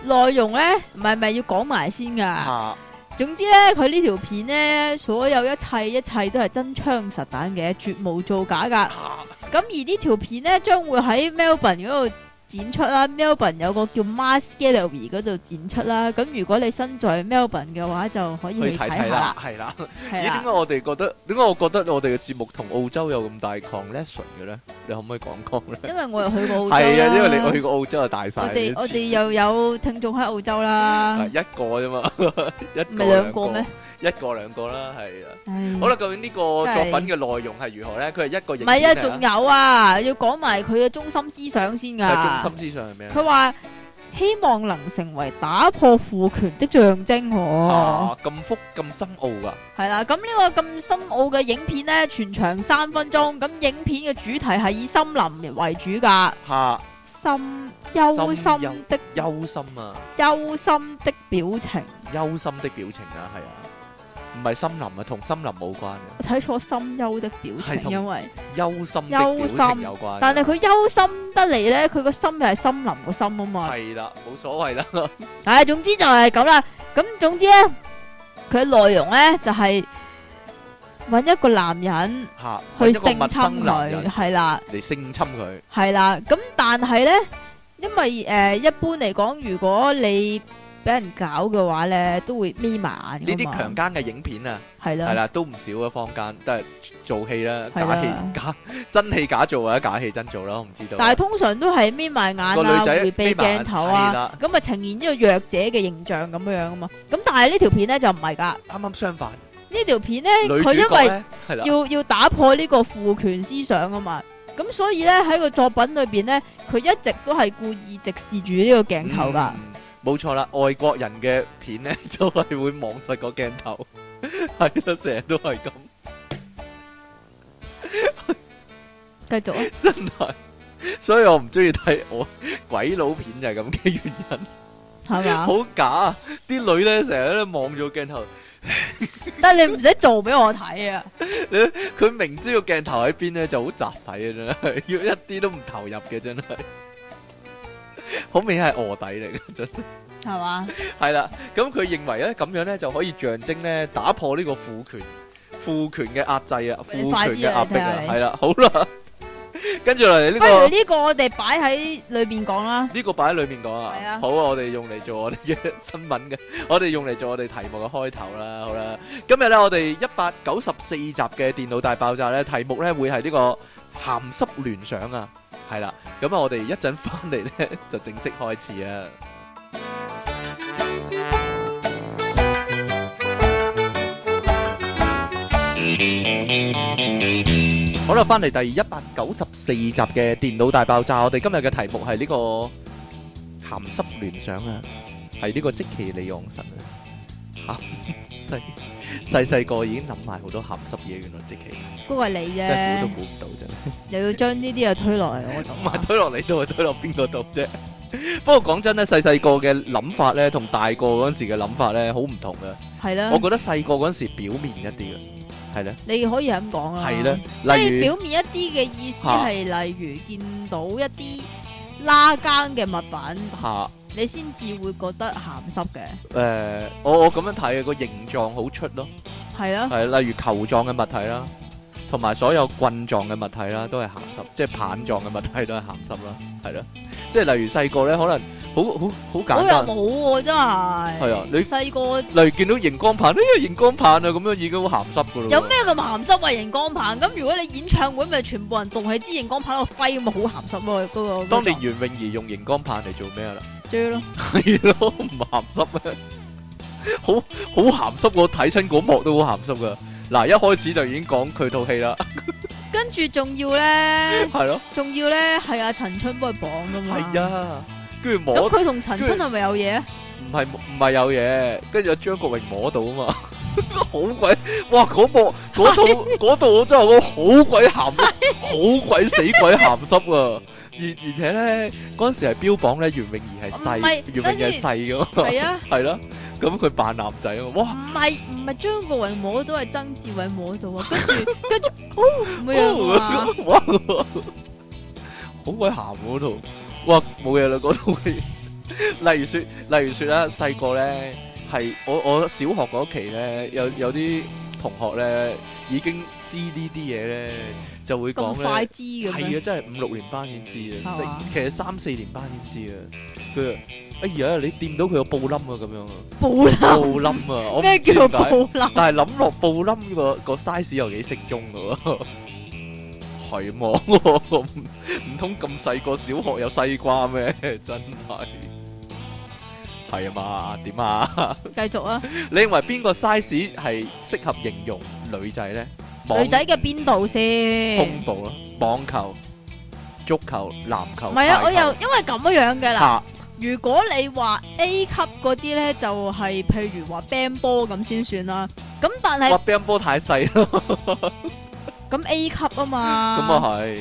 內容咧，唔係咪要講埋先噶？啊、總之咧，佢呢條片咧，所有一切一切都係真槍實彈嘅，絕無造假噶。咁、啊、而呢條片咧，將會喺 Melbourne 嗰度展出啦，Melbourne 有個叫 Mars Gallery 嗰度展出啦。咁如果你身在 Melbourne 嘅話，就可以去睇下看看啦。係啦，係啦。咦啦？點解我哋覺得點解我覺得我哋嘅節目同澳洲有咁大 connection 嘅咧？你可唔可以講講咧？因為我又去過澳洲。係啊們，因為你去過澳洲啊，大晒。我哋又有聽眾喺澳洲啦。 [LAUGHS] 一個啫而嘛，唔 [LAUGHS] 係一個 兩個咩？一個兩個啦，係啊，好啦。究竟呢個作品嘅內容係如何呢？佢係一個影，唔係啊，仲有啊，要講埋佢嘅中心思想先噶。係中心思想係咩啊？佢話希望能成為打破父權的象徵。哦，咁複咁深奧噶係啦。咁呢個咁深奧嘅影片呢，全場三分鐘。咁影片嘅主題係以森林為主噶吓，心憂心的憂心啊，憂心的表情，憂心的表情啊，係啊。唔係森林啊，同森林冇關嘅。我睇錯深幽的表情，係因為憂心，憂心有關。但係佢憂心得嚟咧，佢個心係森林個心啊嘛。係啦，冇所謂啦。唉，總之就係咁啦。咁總之咧，佢嘅內容咧就係搵一個男人去性侵佢，係啦，嚟性侵佢，係啦。咁但係咧，因為誒，一般嚟講，如果你俾人搞嘅話咧，都會眯埋眼。呢啲強姦嘅影片啊，係啦，係啦，都唔少嘅坊間，都係做戲啦，假戲假真戲假做或者假戲真做啦，我唔知道。但係通常都係眯埋眼啊，回避鏡頭啊，咁啊呈現呢個弱者嘅形象咁樣樣啊嘛。咁但係呢條片咧就唔係噶，啱啱相反。呢條片咧，佢因為要要打破呢個父權思想啊嘛，咁所以咧喺個作品裏邊咧，佢一直都係故意直視住呢個鏡頭噶。嗯冇錯啦，外國人嘅片咧，就係會望實個鏡頭，係 [LAUGHS] 啦，成日都係咁。繼 [LAUGHS] 續啊！真係，所以我唔中意睇我鬼佬片就係咁嘅原因，係 [LAUGHS] 嘛吧？好假！啲女咧成日都望住個鏡頭， [LAUGHS] 但係你唔使做俾我睇啊！佢 [LAUGHS] 明知個鏡頭喺邊咧，就好雜使啊！真係，要一啲都唔投入嘅，真係。 [LAUGHS] 好明顯係臥底嚟嘅，真係嘛？係啦，咁佢認為咧，咁樣咧就可以象徵咧，打破呢個父權、父權嘅壓制啊，父權嘅壓迫啊，係啦，好啦，跟住落嚟呢個，不如呢個我哋擺喺裏邊講啦，呢個擺喺裏邊講啊，係啊，好，我哋用嚟做我哋嘅新聞嘅，我哋用嚟做我哋題目嘅開頭啦，好啦，今日咧我哋一百九十四集嘅電腦大爆炸咧，題目咧會係呢個咸濕聯想啊。係啦，咁啊，我哋一陣翻嚟咧就正式開始啊！ [MUSIC] 好啦，翻嚟第一百九十四集嘅電腦大爆炸，我哋今日嘅題目係呢個鹹濕聯想啊，係呢個積淇離岸神啊吓！ [LAUGHS] [LAUGHS] 細細個已經諗埋好多鹹濕嘢，原來自己想都係你啫，估都估唔到，啫。你要將呢啲嘢推落嚟，我唔係推落你度，推落邊個度啫？ [LAUGHS] 不過講真咧，細細個嘅諗法咧，諗法呢同大個嗰時嘅諗法咧，好唔同嘅。係咧，我覺得細個嗰時表面一啲嘅，係咧，你可以咁講啊。係咧，即係表面一啲嘅意思係，啊、例如見到一啲拉更嘅物品。啊你先至會覺得鹹濕嘅。誒，我我咁樣睇啊，個形狀好出咯。係啊。係例如球狀嘅物體啦，同埋所有棍狀嘅物體啦，都係鹹濕，即係棒狀嘅物體都係鹹濕啦。係咯，即係例如細個咧，可能好好好簡單。好有冇真係？係啊，你細個，例如見到熒光棒，咦熒光棒啊，咁樣已經好鹹濕噶啦。有咩咁鹹濕啊熒光棒？咁如果你演唱會咪全部人動起支熒光棒去揮，咪好鹹濕咯嗰個。當年袁詠儀用熒光棒嚟做咩啦？係咯， [LAUGHS] 咯，唔鹹濕啊，好好鹹濕，我睇親嗰幕都好鹹濕噶。嗱著，一開始就已經講佢套戲啦，跟住仲要咧，係咯，仲要咧係阿陳春幫佢綁噶嘛。係啊，跟住摸。咁佢同陳春係咪有嘢？唔係唔係有嘢，跟住阿張國榮摸到啊嘛。好鬼哇！嗰部嗰套嗰套我真係我好鬼鹹濕，好鬼死鬼鹹濕啊！而而且咧嗰時係標榜咧袁詠儀係細，袁詠儀係細噶嘛？係啊，係咯，咁佢扮男仔啊！哇，唔係唔係張國榮摸到，係曾志偉摸到啊！跟住跟住哦，冇嘢啦，好鬼鹹嗰套哇！冇嘢啦，嗰套，例如說例如說啦，細個咧。係我我小學嗰期咧，有有啲同學咧已經知呢啲嘢咧，就會講咧，係啊，真係五六年班已經知啊，嗯、其實三四年班已經知啊。佢，哎呀，你掂到佢個布冧啊，咁樣産啊，布冧， [LAUGHS] 布冧啊，咩叫布冧？但係諗落布冧，嗰個，嗰個 size 又幾適中噶喎，係唔通咁細個小學有西瓜咩？ [LAUGHS] 真係。係啊嘛，點啊？繼續啊！ [LAUGHS] 你認為邊個 size 係適合形容女仔咧？女仔嘅邊度先？乒乓波咯，網球、足球、籃球。唔係啊，球我又因為咁樣嘅啦。哈如果你話 A 級嗰啲咧，就係、是、譬如話乒乓波咁先算啦。咁但係，乒乓波太細咯。咁 [LAUGHS] A 級啊嘛。咁啊係。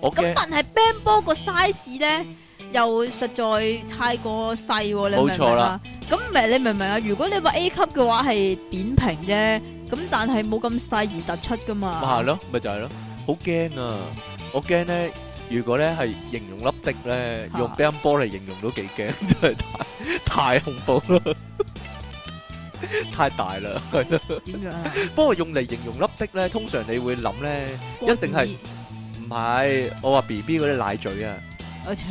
咁，okay。但係乒乓波個 size 咧？又實在太過細，你明唔明啊？冇錯啦。咁咪你明唔明啊？如果你話 A 級嘅話係扁平啫，咁但係冇咁細而突出噶嘛？咪係咯，咪就係咯，好驚啊！我驚咧，如果咧係形容粒滴咧，用乒乓波嚟形容都幾驚，真係太恐怖啦，太大啦！點啊？不過用嚟形容粒滴咧，通常你會諗咧，一定係唔係？我話 BB 嗰啲奶嘴啊！啊，而且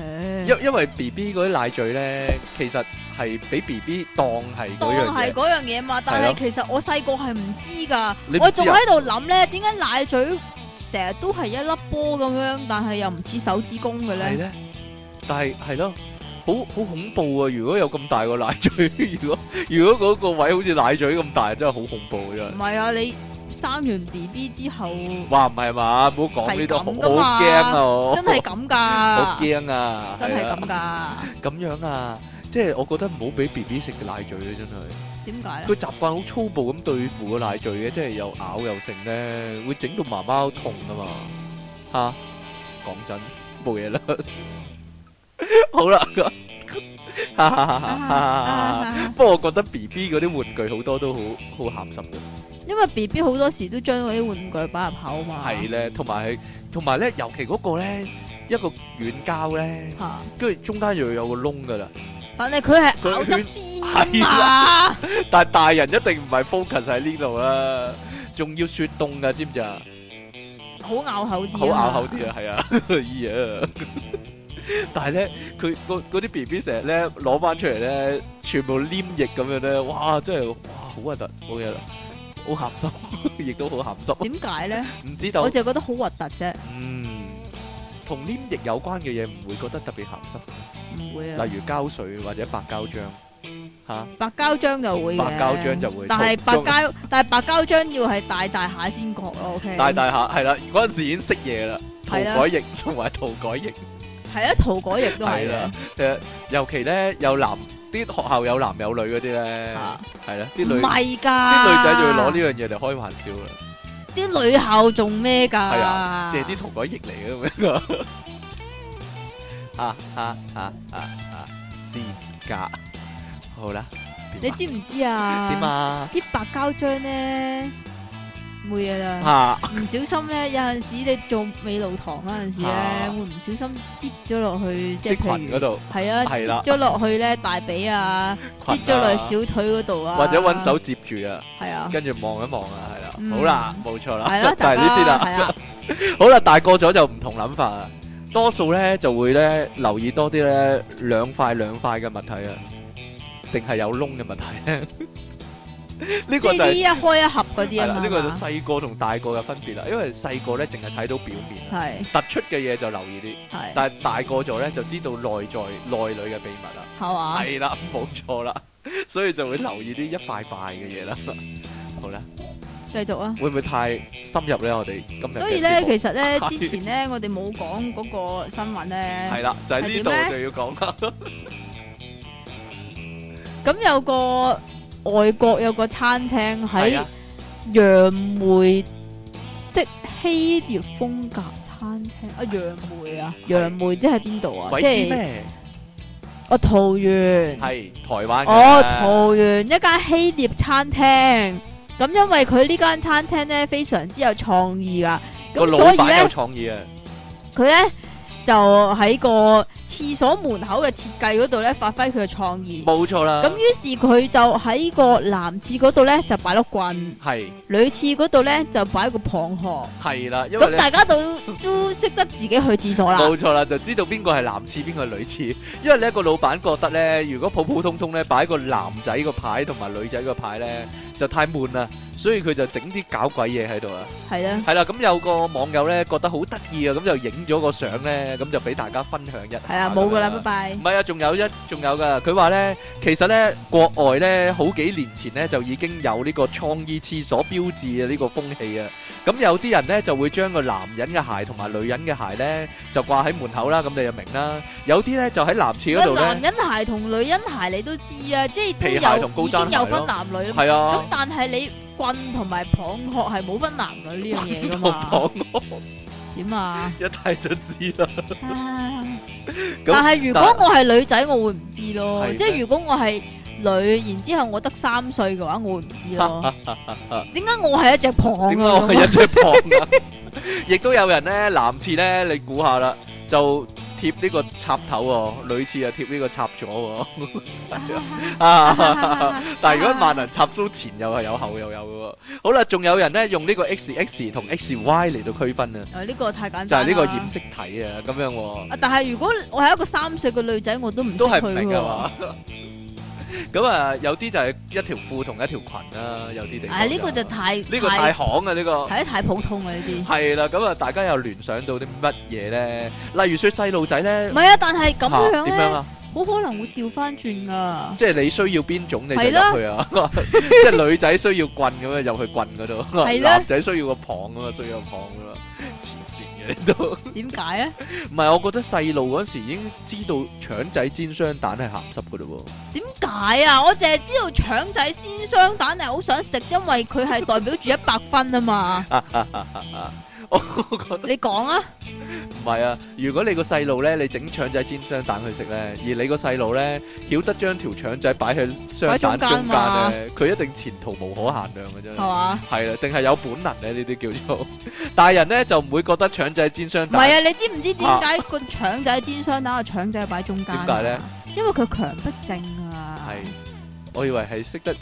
因因為 B B 嗰啲奶嘴咧，其實係俾 B B 當係當係嗰樣嘢嘛。但係其實我細個係唔知噶，我仲喺度諗咧，點解奶嘴成日都係一粒波咁樣，但係又唔似手指公嘅咧？係咧，但係係咯，好好恐怖啊！如果有咁大個奶嘴，如果如果嗰個位好似奶嘴咁大，真係好恐怖啊！唔係啊，你。生完 B B 之後，哇唔係嘛，唔好講呢啲都好驚啊！真係咁噶，好驚啊！真係咁噶。咁樣啊，即係我覺得唔好俾 B B 食嘅奶嘴啊，真係。點解？佢習慣好粗暴咁對付個奶嘴嘅，即係又咬又剩咧，會整到媽媽好痛噶嘛？吓，講真冇嘢啦。好啦。 [LAUGHS] 哈哈哈，哈，哈，哈，哈，哈、 [LAUGHS] 啊！不過我覺得 B B 嗰啲玩具好多都好好咸濕嘅，因為 B B 好多時都將嗰啲玩具擺入口嘛。 [LAUGHS] 係咧，同埋係，同埋咧，尤其嗰個咧，一個軟膠咧，跟住中間又有個窿噶啦。反正佢係咬側邊啊，但係大人一定唔係 focus 喺呢度啦，仲要雪凍噶，知唔知啊？好咬口啲，好咬口啲啊！係啊。但係咧，佢嗰嗰啲 B B 成日咧攞翻出嚟咧，全部黏液咁樣咧，哇！真係哇，好核突，冇嘢啦，好鹹濕，亦都好鹹濕。點解咧？唔知道。我就覺得好核突啫。嗯，同黏液有關嘅嘢唔會覺得特別鹹濕。唔會啊。例如膠水或者白膠漿，吓。白膠漿就會。白膠漿就會。但係白膠，但係白膠漿要係大大下先覺咯。O K。大大下係啦，嗰陣時已經識嘢啦。塗改液同埋塗改液。係啊，塗改液都係啊，誒，尤其咧有男啲學校有男有女嗰啲咧，係啦，啲女唔係噶，啲女仔就會攞呢樣嘢嚟開玩笑啦。啲女校做咩噶？係啊，借啲塗改液嚟咁樣噶。啊啊啊啊啊！知噶，好啦，你知唔知啊？點啊？啲白膠漿咧。冇嘢啦，唔小心咧，有陣時你做美勞堂嗰陣時咧，會唔小心擠咗落去，即係譬如嗰度，係啊，擠咗落去咧大髀啊，擠咗落小腿嗰度啊，或者搵手接住啊，係啊，跟住望一望啊，係啦，好啦，冇錯啦，係啦，就係呢啲啦，好啦，大個咗就唔同諗法啊，多數咧就會咧留意多啲咧兩塊兩塊嘅物體啊，定係有窿嘅物體。呢個就一開一合嗰啲啊嘛，呢個就細個同大個嘅分別啦，因為細個咧淨係睇到表面，突出嘅嘢就留意啲，但係大個咗咧就知道內在內裏嘅秘密啦，係嘛，係啦，冇錯啦，所以就會留意啲一塊塊嘅嘢啦。好啦，繼續啊，會唔會太深入咧？我哋今日，所以咧其實咧之前咧我哋冇講嗰個新聞咧，係啦，就係呢度就要講啦。咁有個。外國有個餐廳喺楊梅的希臘風格餐廳，啊楊梅啊楊梅即係邊度啊？鬼知咩？哦桃園係台灣嘅哦桃園一間希臘餐廳，咁因為佢呢間餐廳咧非常之有創意啊。咁所以咧，佢咧。就喺個廁所門口嘅設計嗰度咧，發揮佢嘅創意。冇錯啦。咁於是佢就喺個男廁嗰度咧，就擺碌棍。係是。女廁嗰度咧，就擺個蚌殼。係啦。咁大家都 [LAUGHS] 就都識得自己去廁所啦。冇錯啦，就知道邊個係男廁，邊個係女廁。因為呢個老闆覺得咧，如果普普通通咧擺個男仔個牌同埋女仔個牌咧，就太悶啦。所以佢就整啲搞鬼嘢喺度啊！係啦，係啦，咁有個網友咧覺得好得意啊，咁就影咗個相咧，咁就俾大家分享一下。係啊，冇㗎啦，拜拜。唔係啊，仲有一，仲有㗎。佢話咧，其實咧，國外咧好幾年前咧就已經有呢個創意廁所標誌啊，呢個風氣啊。咁有啲人咧就會將個男人嘅鞋同埋女人嘅鞋咧就掛喺門口啦，咁你就明啦。有啲咧就喺男廁嗰度咧。男人鞋同女人鞋你都知啊，即係已經有分男女啦。係啊，咁但係你，棍同埋蚌殼係冇分男女呢樣嘢噶嘛？蚌殼？點啊？ [LAUGHS] 一睇就知啦、啊。 [LAUGHS] 但係如果我係女仔， [LAUGHS] 那我會唔知咯。是即係如果我係女，然之後我得三歲嘅話，我會唔知咯。點解 [LAUGHS] [LAUGHS] 我係一隻蚌殼？點解我係一隻蚌殼？亦 [LAUGHS] [LAUGHS] [LAUGHS] 都有人咧，男廁咧，你估下啦，就。貼呢個插頭喎、哦，類似啊貼呢個插咗喎、哦， [LAUGHS] 啊，但係如果萬能插銷前又係有後又有喎、哦，好啦，仲有人咧用呢個 X X 同 X Y 嚟到區分啊，啊、這、呢個太簡單，就係呢個染色體、哦、啊咁樣喎，啊但係如果我係一個三歲嘅女仔，我都唔明。去喎。咁啊、嗯，有啲就係一條褲同一條裙啦，有啲地方。係呢、哎這個就太呢個太，太行啊，呢、這個睇得太，太普通啊呢啲。係啦，咁啊、嗯，大家又聯想到啲乜嘢咧？例如說細路仔咧，唔係啊，但係咁樣，點樣啊？好可能會掉翻轉噶。即係你需要邊種你就得佢啊！的 [LAUGHS] 即係女仔需要棍咁啊，入去棍嗰度；的 [LAUGHS] 男仔需要個棒咁啊，需要個棒咁啊。點解咧？唔係， [LAUGHS] [LAUGHS] 我覺得細路嗰時已經知道腸仔煎雙蛋係咸濕噶咯喎。點解啊？我淨係知道腸仔煎雙蛋係好想食，因為佢係代表住一百分啊嘛。 [LAUGHS] [LAUGHS] 我，我覺得你講啊。唔係啊！如果你個細路咧，你整腸仔煎雙蛋去食咧，而你個細路咧曉得將條腸仔擺喺雙蛋中間咧，佢、啊、一定前途無可限量嘅真係。係嘛？係啊，定係嗎、啊、有本能咧？呢啲叫做大人咧就唔會覺得腸仔煎雙蛋。唔係啊！你知唔知點解個腸仔煎雙蛋個腸仔擺中間，啊？點解咧？因為佢強不正啊！係，啊，我以為係識得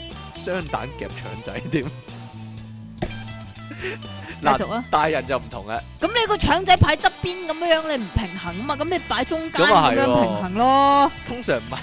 雙蛋夾腸仔添。 [LAUGHS] 繼續啊！大人就唔同啊。咁你個腸仔擺側邊咁樣你唔平衡啊嘛。咁你擺中間先咁樣平衡咯。通常唔係，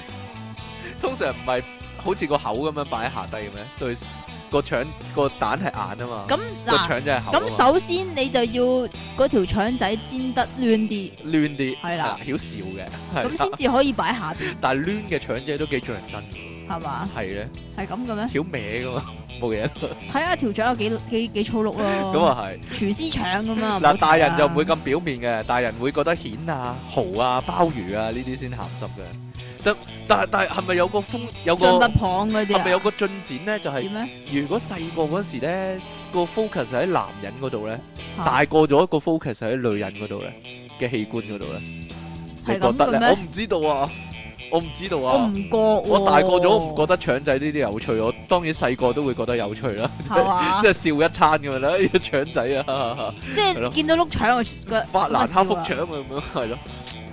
通常唔係，好似個口咁樣擺下低咁樣。對、就是、個腸、個蛋係硬啊嘛。咁嗱那，腸仔係硬。咁首先你就要嗰條腸仔煎得軟啲，軟啲係啦，少少嘅，咁先至可以擺下邊。 [LAUGHS] 但係軟嘅腸仔都幾搶人真嘅，係嘛？係咧，係咁嘅咩？少歪噶嘛。冇嘢。睇下條腸有幾幾幾粗碌咯。咁啊係。廚師腸咁啊。嗱，大人就唔會咁表面嘅，大人會覺得蜆啊、蠔啊、鮑魚啊呢啲先鹹濕嘅。得，但係但係係咪有個 focus，有個係咪有個進展咧？就係點咧？如果細個嗰時咧，個 focus 係喺男人嗰度咧，大個咗個 focus 係喺女人嗰度咧，嘅器官嗰度咧，係咁嘅咩？我唔知道啊。我唔知道啊！我唔覺、啊，我大個咗唔覺得腸仔呢啲有趣，我當然細個都會覺得有趣啦，即係吧， [LAUGHS] 笑一餐咁樣啦，腸仔啊！即係見到碌腸個個發爛下碌腸咁樣，係咯，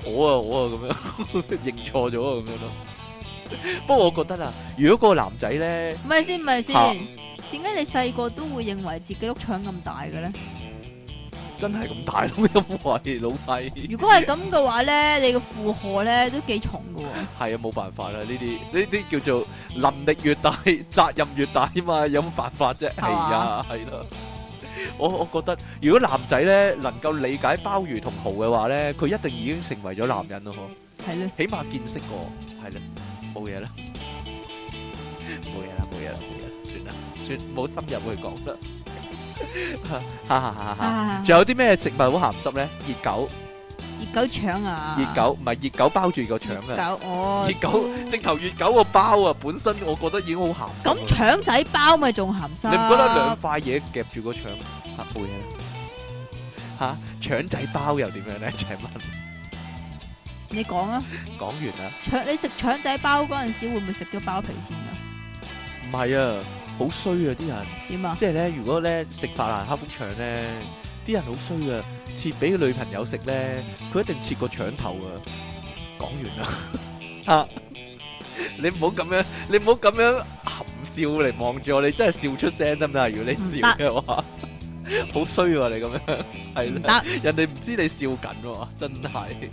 我啊我啊咁樣 [LAUGHS] 認錯咗啊咁樣咯。 [LAUGHS] 不過我覺得啊，如果個男仔咧，唔係先唔係先，點解你細個都會認為自己碌腸咁大嘅咧？真係咁大因為， [LAUGHS] 老細大。 [LAUGHS] 如果係咁嘅話咧，你個負荷咧都幾重噶喎，哦。係啊，冇辦法啦，呢啲呢啲叫做能力越大，責任越大啊嘛，有乜辦法啫？係啊，係咯，啊。啊、 [LAUGHS] 我我覺得如果男仔咧能夠理解鮑魚同蚝嘅話咧，佢一定已經成為咗男人咯。嗬、啊，係咧，起碼見識過。係咧，啊，冇嘢啦，冇嘢啦，冇嘢，算啦，算，冇深入去講得。吓吓吓吓！仲有啲咩食物好咸濕咧？熱狗，熱狗腸啊，熱狗唔係熱狗包住個腸啊，熱狗哦，熱狗直頭熱狗個包啊，本身我覺得已經好咸。咁腸仔包咪仲咸濕？你唔覺得兩塊嘢夾住個腸吓，好嘢啦！吓，腸仔包又點樣咧？請問。你講啊，講完啊。腸你食腸仔包嗰陣時，會唔會食咗包皮先啊？唔係啊。好衰啊！啲人點啊？即係咧，如果咧食法蘭克福腸咧，啲人好衰啊！切俾女朋友食咧，佢一定切個腸頭 [LAUGHS] 啊！講完啦嚇！你唔好咁樣，你唔好咁樣含笑嚟望住我，你真係笑出聲得唔得啊？行行如果你笑嘅話。行 [LAUGHS] 好衰喎，你咁樣，係啦，人哋唔知你笑緊喎，真係。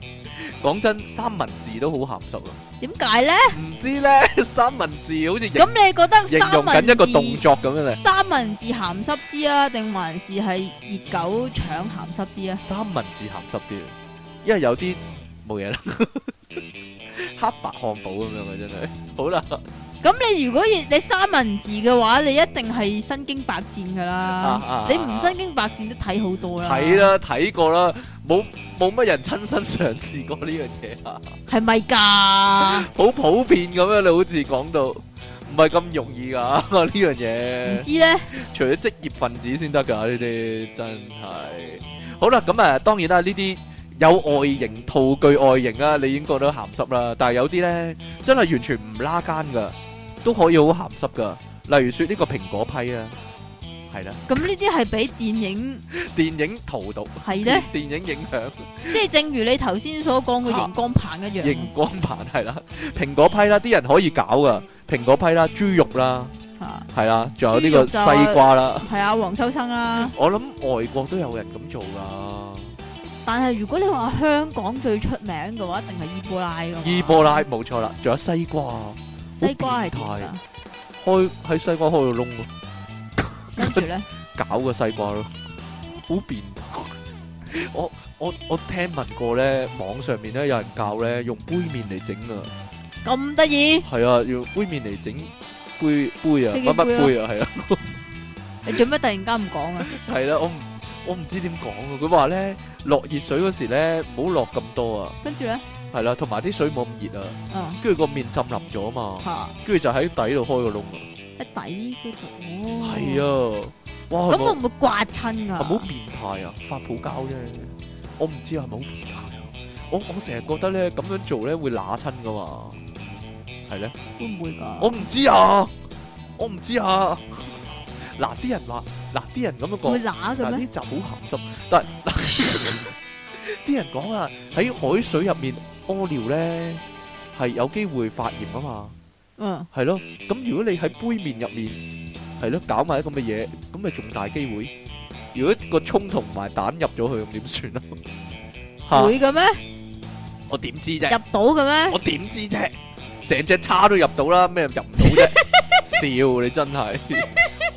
講真，三文治都好鹹濕啊。點解咧？唔知咧，三文治好似咁，你覺得三文治，形容緊一個動作咁樣咧？三文治鹹濕啲啊，定還是係熱狗腸鹹濕啲啊？三文治鹹濕啲，因為有啲冇嘢啦，黑白漢堡咁樣嘅真係。好啦。咁你如果你三文治嘅話，你一定係身經百戰噶啦，啊啊你唔身經百戰都睇好多啦。睇啦，睇過啦，冇冇乜人親身嘗試過呢樣嘢啊？係咪噶？ [LAUGHS] 好普遍咁樣，你好似講到唔係咁容易噶、啊、呢樣嘢。唔知咧，除咗職業分子先得噶呢啲，真係。好啦，咁誒、啊，當然啦、啊，呢啲有外形套具外形啊，你已經覺得咸濕啦。但係有啲咧，真係完全唔拉更噶。都可以好鹹濕噶，例如說呢個蘋果批啊，係啦。咁呢啲係俾電影圖、電影荼毒，係咧，電影影響。即係正如你頭先所講嘅熒光棒一樣。熒、啊、光棒係啦，蘋 [LAUGHS] 果批啦，啲人可以搞噶，蘋果批啦，豬肉啦，係啦、啊，仲有呢個西瓜啦，係啊，黃秋生啦。我諗外國都有人咁做噶，但係如果你話香港最出名嘅話，一定係伊波拉噶。伊波拉冇錯啦，仲有西瓜。西瓜係太開喺西瓜開個窿咯，跟住咧搞個西瓜咯，好變態。我我我聽聞過咧，網上面咧有人教咧用杯麵嚟整啊，咁得意。係啊，用杯麵嚟整杯杯啊，乜乜杯啊，係啊。你做咩突然間唔講啊？係啦，我我唔知點講啊。佢話咧落熱水嗰時咧唔好落咁多啊。跟住咧。係啦，同埋啲水冇咁熱啊，跟住個麵浸腍咗啊嘛，跟住、啊、就喺底度開個窿啊，喺底嗰度哦，係啊，哇！咁我會唔會刮親啊？係咪好變態啊？發泡膠啫，我唔知係咪好變態啊？我我成日覺得咧，咁樣做咧會乸親噶嘛，係咧？會唔會噶？我唔知啊，我唔知啊。嗱、 [LAUGHS] 啊，啲人話，嗱、啊，啲人咁樣講，嗱，啲、啊、集好鹹濕，但但啲 [LAUGHS] [LAUGHS] [LAUGHS] 人講啊，喺海水入面，屙尿咧，係有機會發炎啊嘛。嗯，係咯。咁如果你喺杯麵入面，係咯，搞埋啲咁嘅嘢，咁咪仲大機會。如果個蔥同埋蛋入咗去，咁點算啊？會嘅咩？我點知啫？入到嘅咩？我點知啫？成隻叉都入到啦，咩入唔到啫？笑你真係。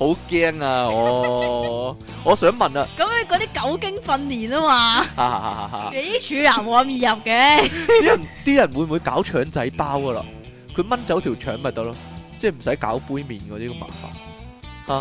好驚啊！我 [LAUGHS] 我想問啊，咁佢嗰啲久經訓練啊嘛，幾處人易入嘅，啲 [LAUGHS] 人，人會唔會搞腸仔包噶、啊、啦？佢掹走條腸咪得咯，即係唔使搞杯麵嗰啲咁麻煩吓。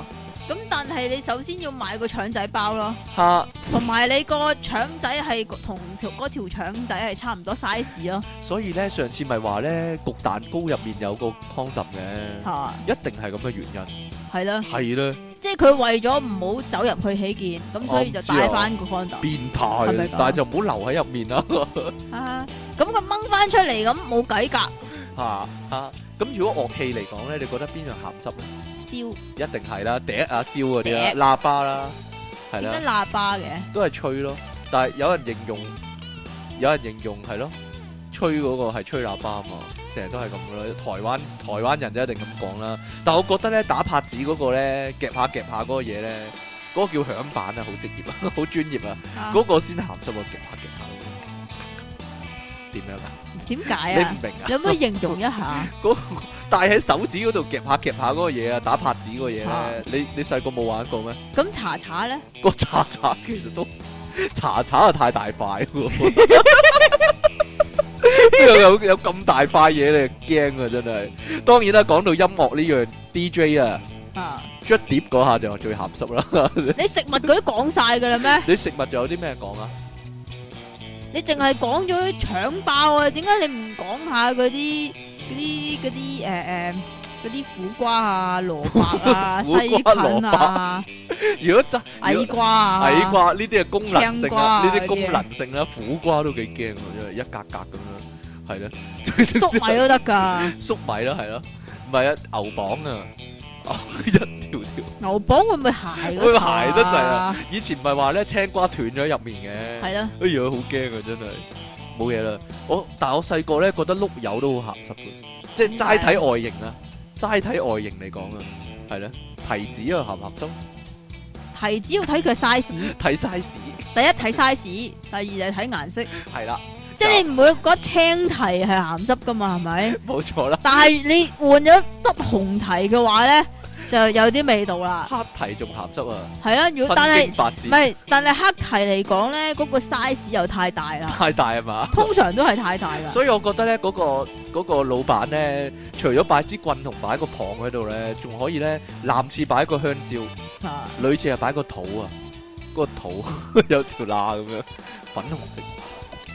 咁、啊、但係你首先要買個腸仔包咯、啊，吓、啊，同埋你腸個腸仔係同條嗰條腸仔係差唔多 size 咯、啊。所以咧，上次咪話咧焗蛋糕入面有個 condom 嘅、啊，吓、啊，一定係咁嘅原因。係啦，是即係佢為咗唔好走入去起見，咁所以就帶翻個 condo。變態，但係就唔好留喺入面啦。咁佢掹翻出嚟咁冇計噶。吓啊！咁、啊啊、如果樂器嚟講咧，你覺得邊樣鹹濕咧？簫燒，一定係啦，第一啊，簫嗰啲啊，喇叭啦、啊，係啦，喇叭嘅、啊、都係吹咯。但係有人形容，有人形容係咯，吹嗰個係吹喇叭啊嘛。成日都係咁噶啦，台灣台灣人就一定咁講啦。但係我覺得咧，打拍子嗰個咧，夾下夾下嗰個嘢咧，嗰、那個叫響板啊，好職業啊， [LAUGHS] 專業啊，好專業啊，嗰個先鹹濕啊夾下夾下咯，那個。點樣噶？點解啊？你唔明啊？有冇形容一下？嗰 [LAUGHS] 戴喺手指嗰度夾下夾下嗰個嘢啊，打拍子嗰嘢，嗯啊，你你細個冇玩過咩？咁查查咧？個查查其實都查查啊，茶茶太大塊喎。 [LAUGHS] [LAUGHS] 邊 [LAUGHS] 有有咁大塊嘢，你驚啊真係！當然啦，講到音樂呢樣 DJ 啊，捽碟嗰下就最鹹濕啦。你食物佢都講晒噶啦咩？你食物仲有啲咩講啊？你淨係講咗搶爆啊？點解你唔講下嗰啲嗰啲嗰啲誒誒？嗰啲苦瓜啊、蘿蔔啊、西芹啊，如果就矮瓜啊、矮瓜呢啲係功能性，呢啲功能性啦，苦瓜都幾驚嘅，因為一格格咁樣，係咯，粟米都得噶，粟米啦，係咯，唔係啊牛蒡啊，一條條牛蒡會唔會鞋？會鞋得滯啊！以前唔係話咧青瓜斷咗入面嘅，係啦，哎呀好驚啊真係，冇嘢啦。我但係我細個咧覺得碌柚都好鹹濕嘅，即係齋睇外形啦。齋睇外形嚟講啊，係咧，提子啊，鹹唔鹹濕？提子要睇佢 size，睇 [LAUGHS] 提 size。第一睇 size，第二就係睇顏色。係啦 [LAUGHS] 了，即係你唔會覺得青提係鹹濕㗎嘛？係咪？冇錯啦。 [LAUGHS] 但係你換咗粒紅提嘅話咧？就有啲味道啦，黑提仲鹹濕啊，係啊，如果但係唔係，但係黑提嚟講咧，嗰個 size 又太大啦，太大係嘛？通常都係太大啦。所以我覺得咧，嗰個個老闆咧，除咗擺支棍同擺個蚌喺度咧，仲可以咧男廁擺個香蕉，吓女廁又擺個肚啊，嗰個肚有條罅咁樣，粉紅色，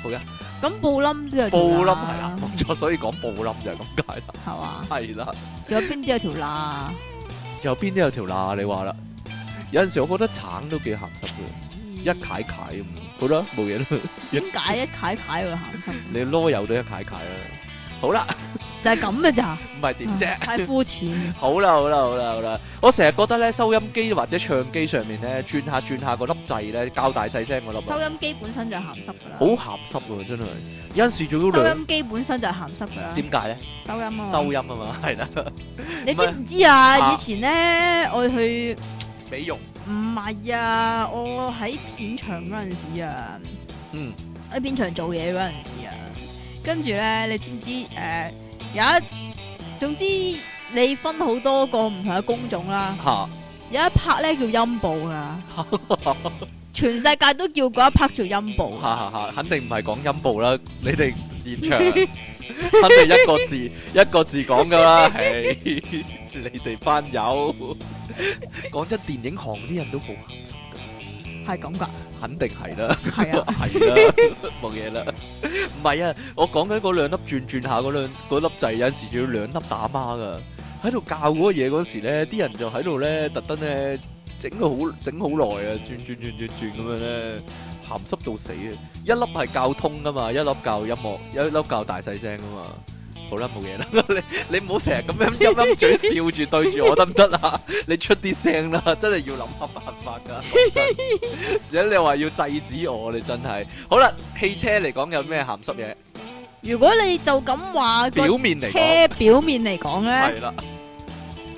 好嘅。咁布冧即啊？布冧係啦，冇錯，所以講布冧就係咁解啦，係嘛？係啦，仲有邊啲有條罅？右邊都有條罅，你話啦。有陣時我覺得橙都幾咸濕嘅，一塊塊咁。好啦，冇嘢啦。點解一塊塊會咸濕？你籮柚都一塊塊啦。好啦，就係咁嘅咋？唔係點啫？太膚淺。。 [LAUGHS] 好啦好啦好啦好啦，我成日覺得咧，收音機或者唱機上面咧，轉下轉下個粒掣咧，較大細聲個粒。收音機本身就鹹濕噶啦。好鹹濕噶真係，有陣時做收音機本身就係鹹濕噶啦。點解咧？收音。收音啊收音啊嘛，係啦。 [LAUGHS] 你知唔知啊？是以前咧，我去美容唔係啊，我喺片場嗰陣時啊，嗯，喺片場做嘢嗰陣時啊。跟住咧，你知唔知？誒，有一，總之你分好多個唔同嘅工種啦。嚇！有一 part 咧叫陰部啊，全世界都叫嗰一 part 做陰部。嚇嚇嚇！肯定唔係講陰部啦，你哋現場肯定一個字一個字講噶啦。你哋班友，講真，電影行啲人都好。係咁噶，肯定係啦，係啊，係啦，冇嘢啦。唔係啊，我講緊嗰兩粒轉轉下嗰粒掣，有時仲要兩粒打孖噶。喺度教嗰個嘢嗰時咧，啲人就喺度咧，特登咧整個好整好耐啊，轉轉轉轉轉咁樣咧，鹹濕到死啊！一粒係教通噶嘛，一粒教音樂，一粒教大細聲噶嘛。好啦，冇嘢啦。你你唔好成日咁樣陰陰 [LAUGHS] 嘴笑住對住我得唔得啊？ [LAUGHS] 你出啲聲啦，真係要諗下辦法噶。有 [LAUGHS] 你話要制止我，你真係。好啦，汽車嚟講有咩鹹濕嘢？如果你就咁話，表面嚟，車表面嚟講咧，誒 [LAUGHS] 了、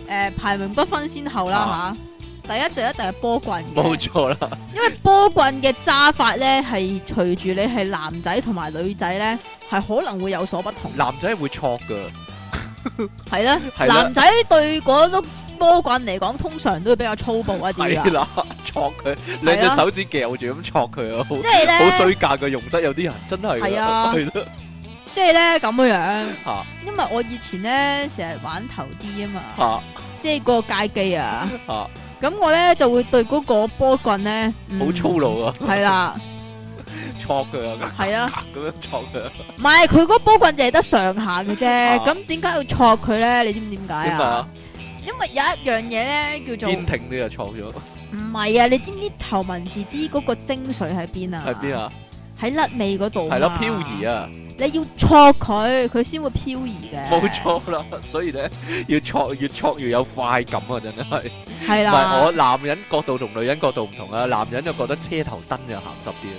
呃，排名不分先後啦吓。啊、第一就一定係波棍，冇錯啦。 [LAUGHS] 因為波棍嘅揸法咧，係隨住你係男仔同埋女仔咧。係可能會有所不同。男仔會戳噶，係咧。男仔對嗰碌波棍嚟講，通常都會比較粗暴一啲啊。係啦，戳佢，兩隻手指夾住咁戳佢啊，好，好衰格嘅用得，有啲人真係。係啊，係咯。即係咧咁樣樣，因為我以前咧成日玩頭啲啊嘛，即係個街機啊，咁我咧就會對嗰個波棍咧，好粗魯啊，係啦。搏佢啊，係啦，咁樣挫佢。唔係，佢嗰波棍淨係得上下嘅啫。咁點解要挫佢咧？你知唔知點解啊？因為有一樣嘢咧叫做邊停都要挫咗。唔係啊，你知唔知頭文字 D 嗰個精髓喺邊啊？喺邊啊？喺甩尾嗰度。係咯，漂移啊！你要挫佢，佢先會漂移嘅。冇錯啦，所以咧要挫，越挫越有快感啊！真係。係啦。唔係我男人角度同女人角度唔同啊，男人就覺得車頭燈就鹹濕啲。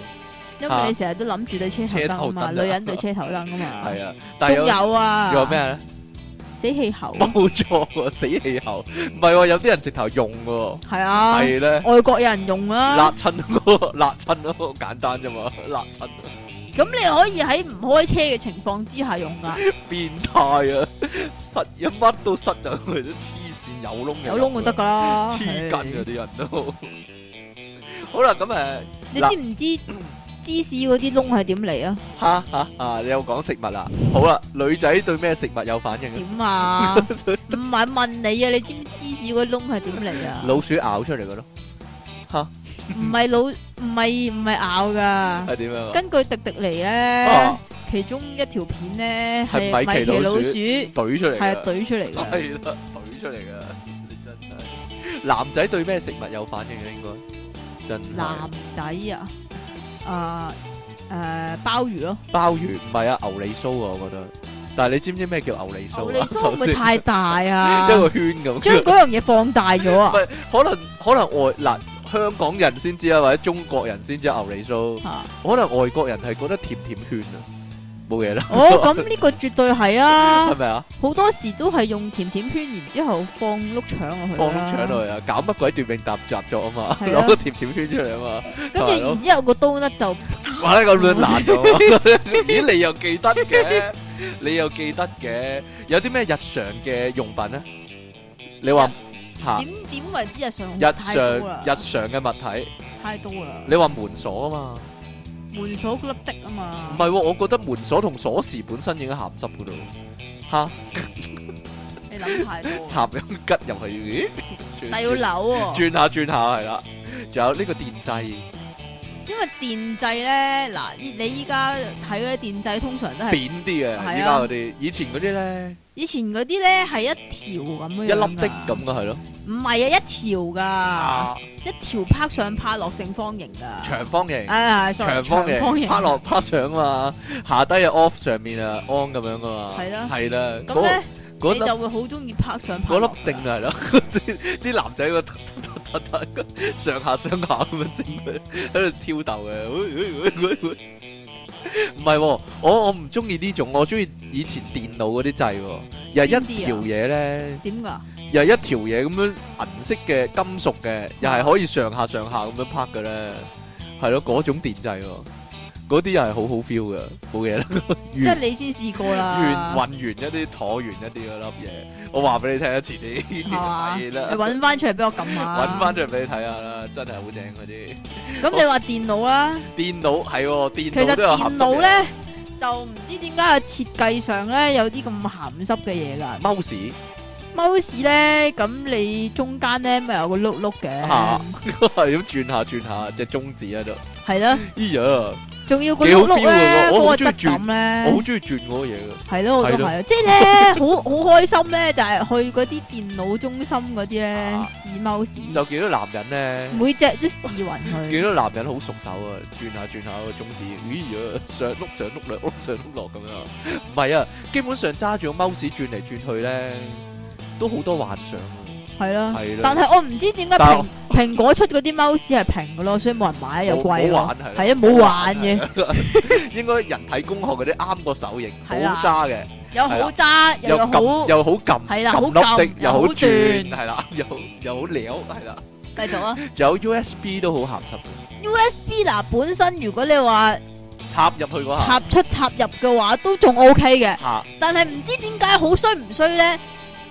因為你成日都諗住對車頭燈啊嘛，女人對車頭燈啊嘛。係啊，但仲有啊。仲有咩咧？死氣喉。冇錯喎，死氣喉。唔係喎，有啲人直頭用喎。係啊。係咧。外國人用啊。辣親咯，辣親咯，簡單啫嘛，辣親。咁你可以喺唔開車嘅情況之下用噶。變態啊！塞一乜都塞就嚟咗黐線，有窿嘅。有窿就得噶啦。黐筋啊！啲人都。好啦，咁誒，你知唔知？芝士嗰啲窿係點嚟啊？吓吓啊！你又講食物啦？好啦，女仔對咩食物有反應啊？點啊？唔係問你啊，你知唔知芝士嗰窿係點嚟啊？老鼠咬出嚟噶咯？吓？唔係老唔係唔係咬噶？係點啊？根據《迪迪尼》咧，其中一條片咧係米奇老鼠懟出嚟，係懟出嚟噶。係啦，懟出嚟噶。你真係男仔對咩食物有反應啊？應該真男仔啊？誒誒鮑魚咯，啊，鮑魚唔係啊，牛脷酥啊，我覺得。但係你知唔知咩叫牛脷酥啊？牛脷酥會唔會太大啊？ [LAUGHS] [LAUGHS] 一個圈咁，將嗰樣嘢放大咗啊 [LAUGHS] 可能可能外嗱香港人先知啊，或者中國人先知牛脷酥、啊、可能外國人係覺得甜甜圈啊。冇嘢啦。哦，咁呢個絕對係啊，係咪啊？好多時都係用甜甜圈，然之後放碌腸落去。放碌腸落去啊！搞乜鬼斷命踏雜咗啊嘛？攞個甜甜圈出嚟啊嘛？跟住然之後個刀咧就玩得咁亂爛咗。咦？你又記得嘅？你又記得嘅？有啲咩日常嘅用品咧？你話吓？點點為之日常？日常日常嘅物體太多啦。你話門鎖啊嘛？門鎖嗰粒的啊嘛，唔係喎，我覺得門鎖同鎖匙本身已經鹹濕嗰度，嚇， [LAUGHS] 你諗下，插兩吉入去，咦？ [LAUGHS] 轉但要扭喎，啊，轉下轉下係啦，仲有呢個電掣。因為電掣咧，嗱，你依家睇嗰啲電掣通常都係扁啲嘅，依家嗰啲，以前嗰啲咧，以前嗰啲咧係一條咁樣，一粒的咁噶係咯，唔係啊，一條噶，一條拍上拍落正方形噶，長方形，長方形，拍落拍上嘛，下低又 off，上面啊 on 咁樣噶嘛，係啦，係啦，咁咧。你就會好中意拍上嗰粒定係咯？啲啲男仔個上下上下咁樣整佢喺度挑逗嘅，唔係喎，我我唔中意呢種，我中意以前電腦嗰啲掣喎，又係一條嘢咧，點㗎？又係一條嘢咁樣銀色嘅金屬嘅，又係可以上下上下咁樣拍嘅咧，係咯、啊，嗰種電掣喎。嗰啲又係好好 feel 嘅，冇嘢啦。即係你先試過啦，揾完一啲橢圓一啲嗰粒嘢，我話俾你聽一次啲，見啦吧。揾翻出嚟俾我撳下。揾翻出嚟俾你睇下啦，真係好正嗰啲。咁 [LAUGHS] 你話電腦啦、哦？電腦係，電腦其實電腦咧，就唔知點解啊！設計上咧有啲咁鹹濕嘅嘢㗎。mouse，mouse 咧咁你中間咧咪有個碌碌嘅？係咁、啊、 [LAUGHS] 轉下轉下隻中指喺度。係啦是的。咦、 [LAUGHS] 哎、呀～仲要嗰種綠咧，嗰個質感咧，我好中意轉嗰個嘢嘅。係咯，我都係啊，即係咧，好好開心咧，就係、是、去嗰啲電腦中心嗰啲咧，試貓屎。就見到男人咧，每隻都試勻佢。見 [LAUGHS] 到男人好熟手啊，轉下轉下個中指。咦、哎，上碌上碌落碌上碌落咁樣。唔 [LAUGHS] 係啊，基本上揸住個貓屎轉嚟轉去咧，都好多幻想。係啦，但係我唔知點解蘋蘋果出嗰啲 mouse 係平嘅咯，所以冇人買又貴咯，係啊，冇玩嘅，應該人體工學嗰啲啱個手型，好渣嘅，又好渣，又好又好撳，係啦，好撳又好轉，係啦，又好又好撩，係啦，繼續啊，仲有 USB 都好鹹濕，USB 嗱本身如果你話插入去嘅話，插出插入嘅話都仲 OK 嘅，但係唔知點解好衰唔衰咧？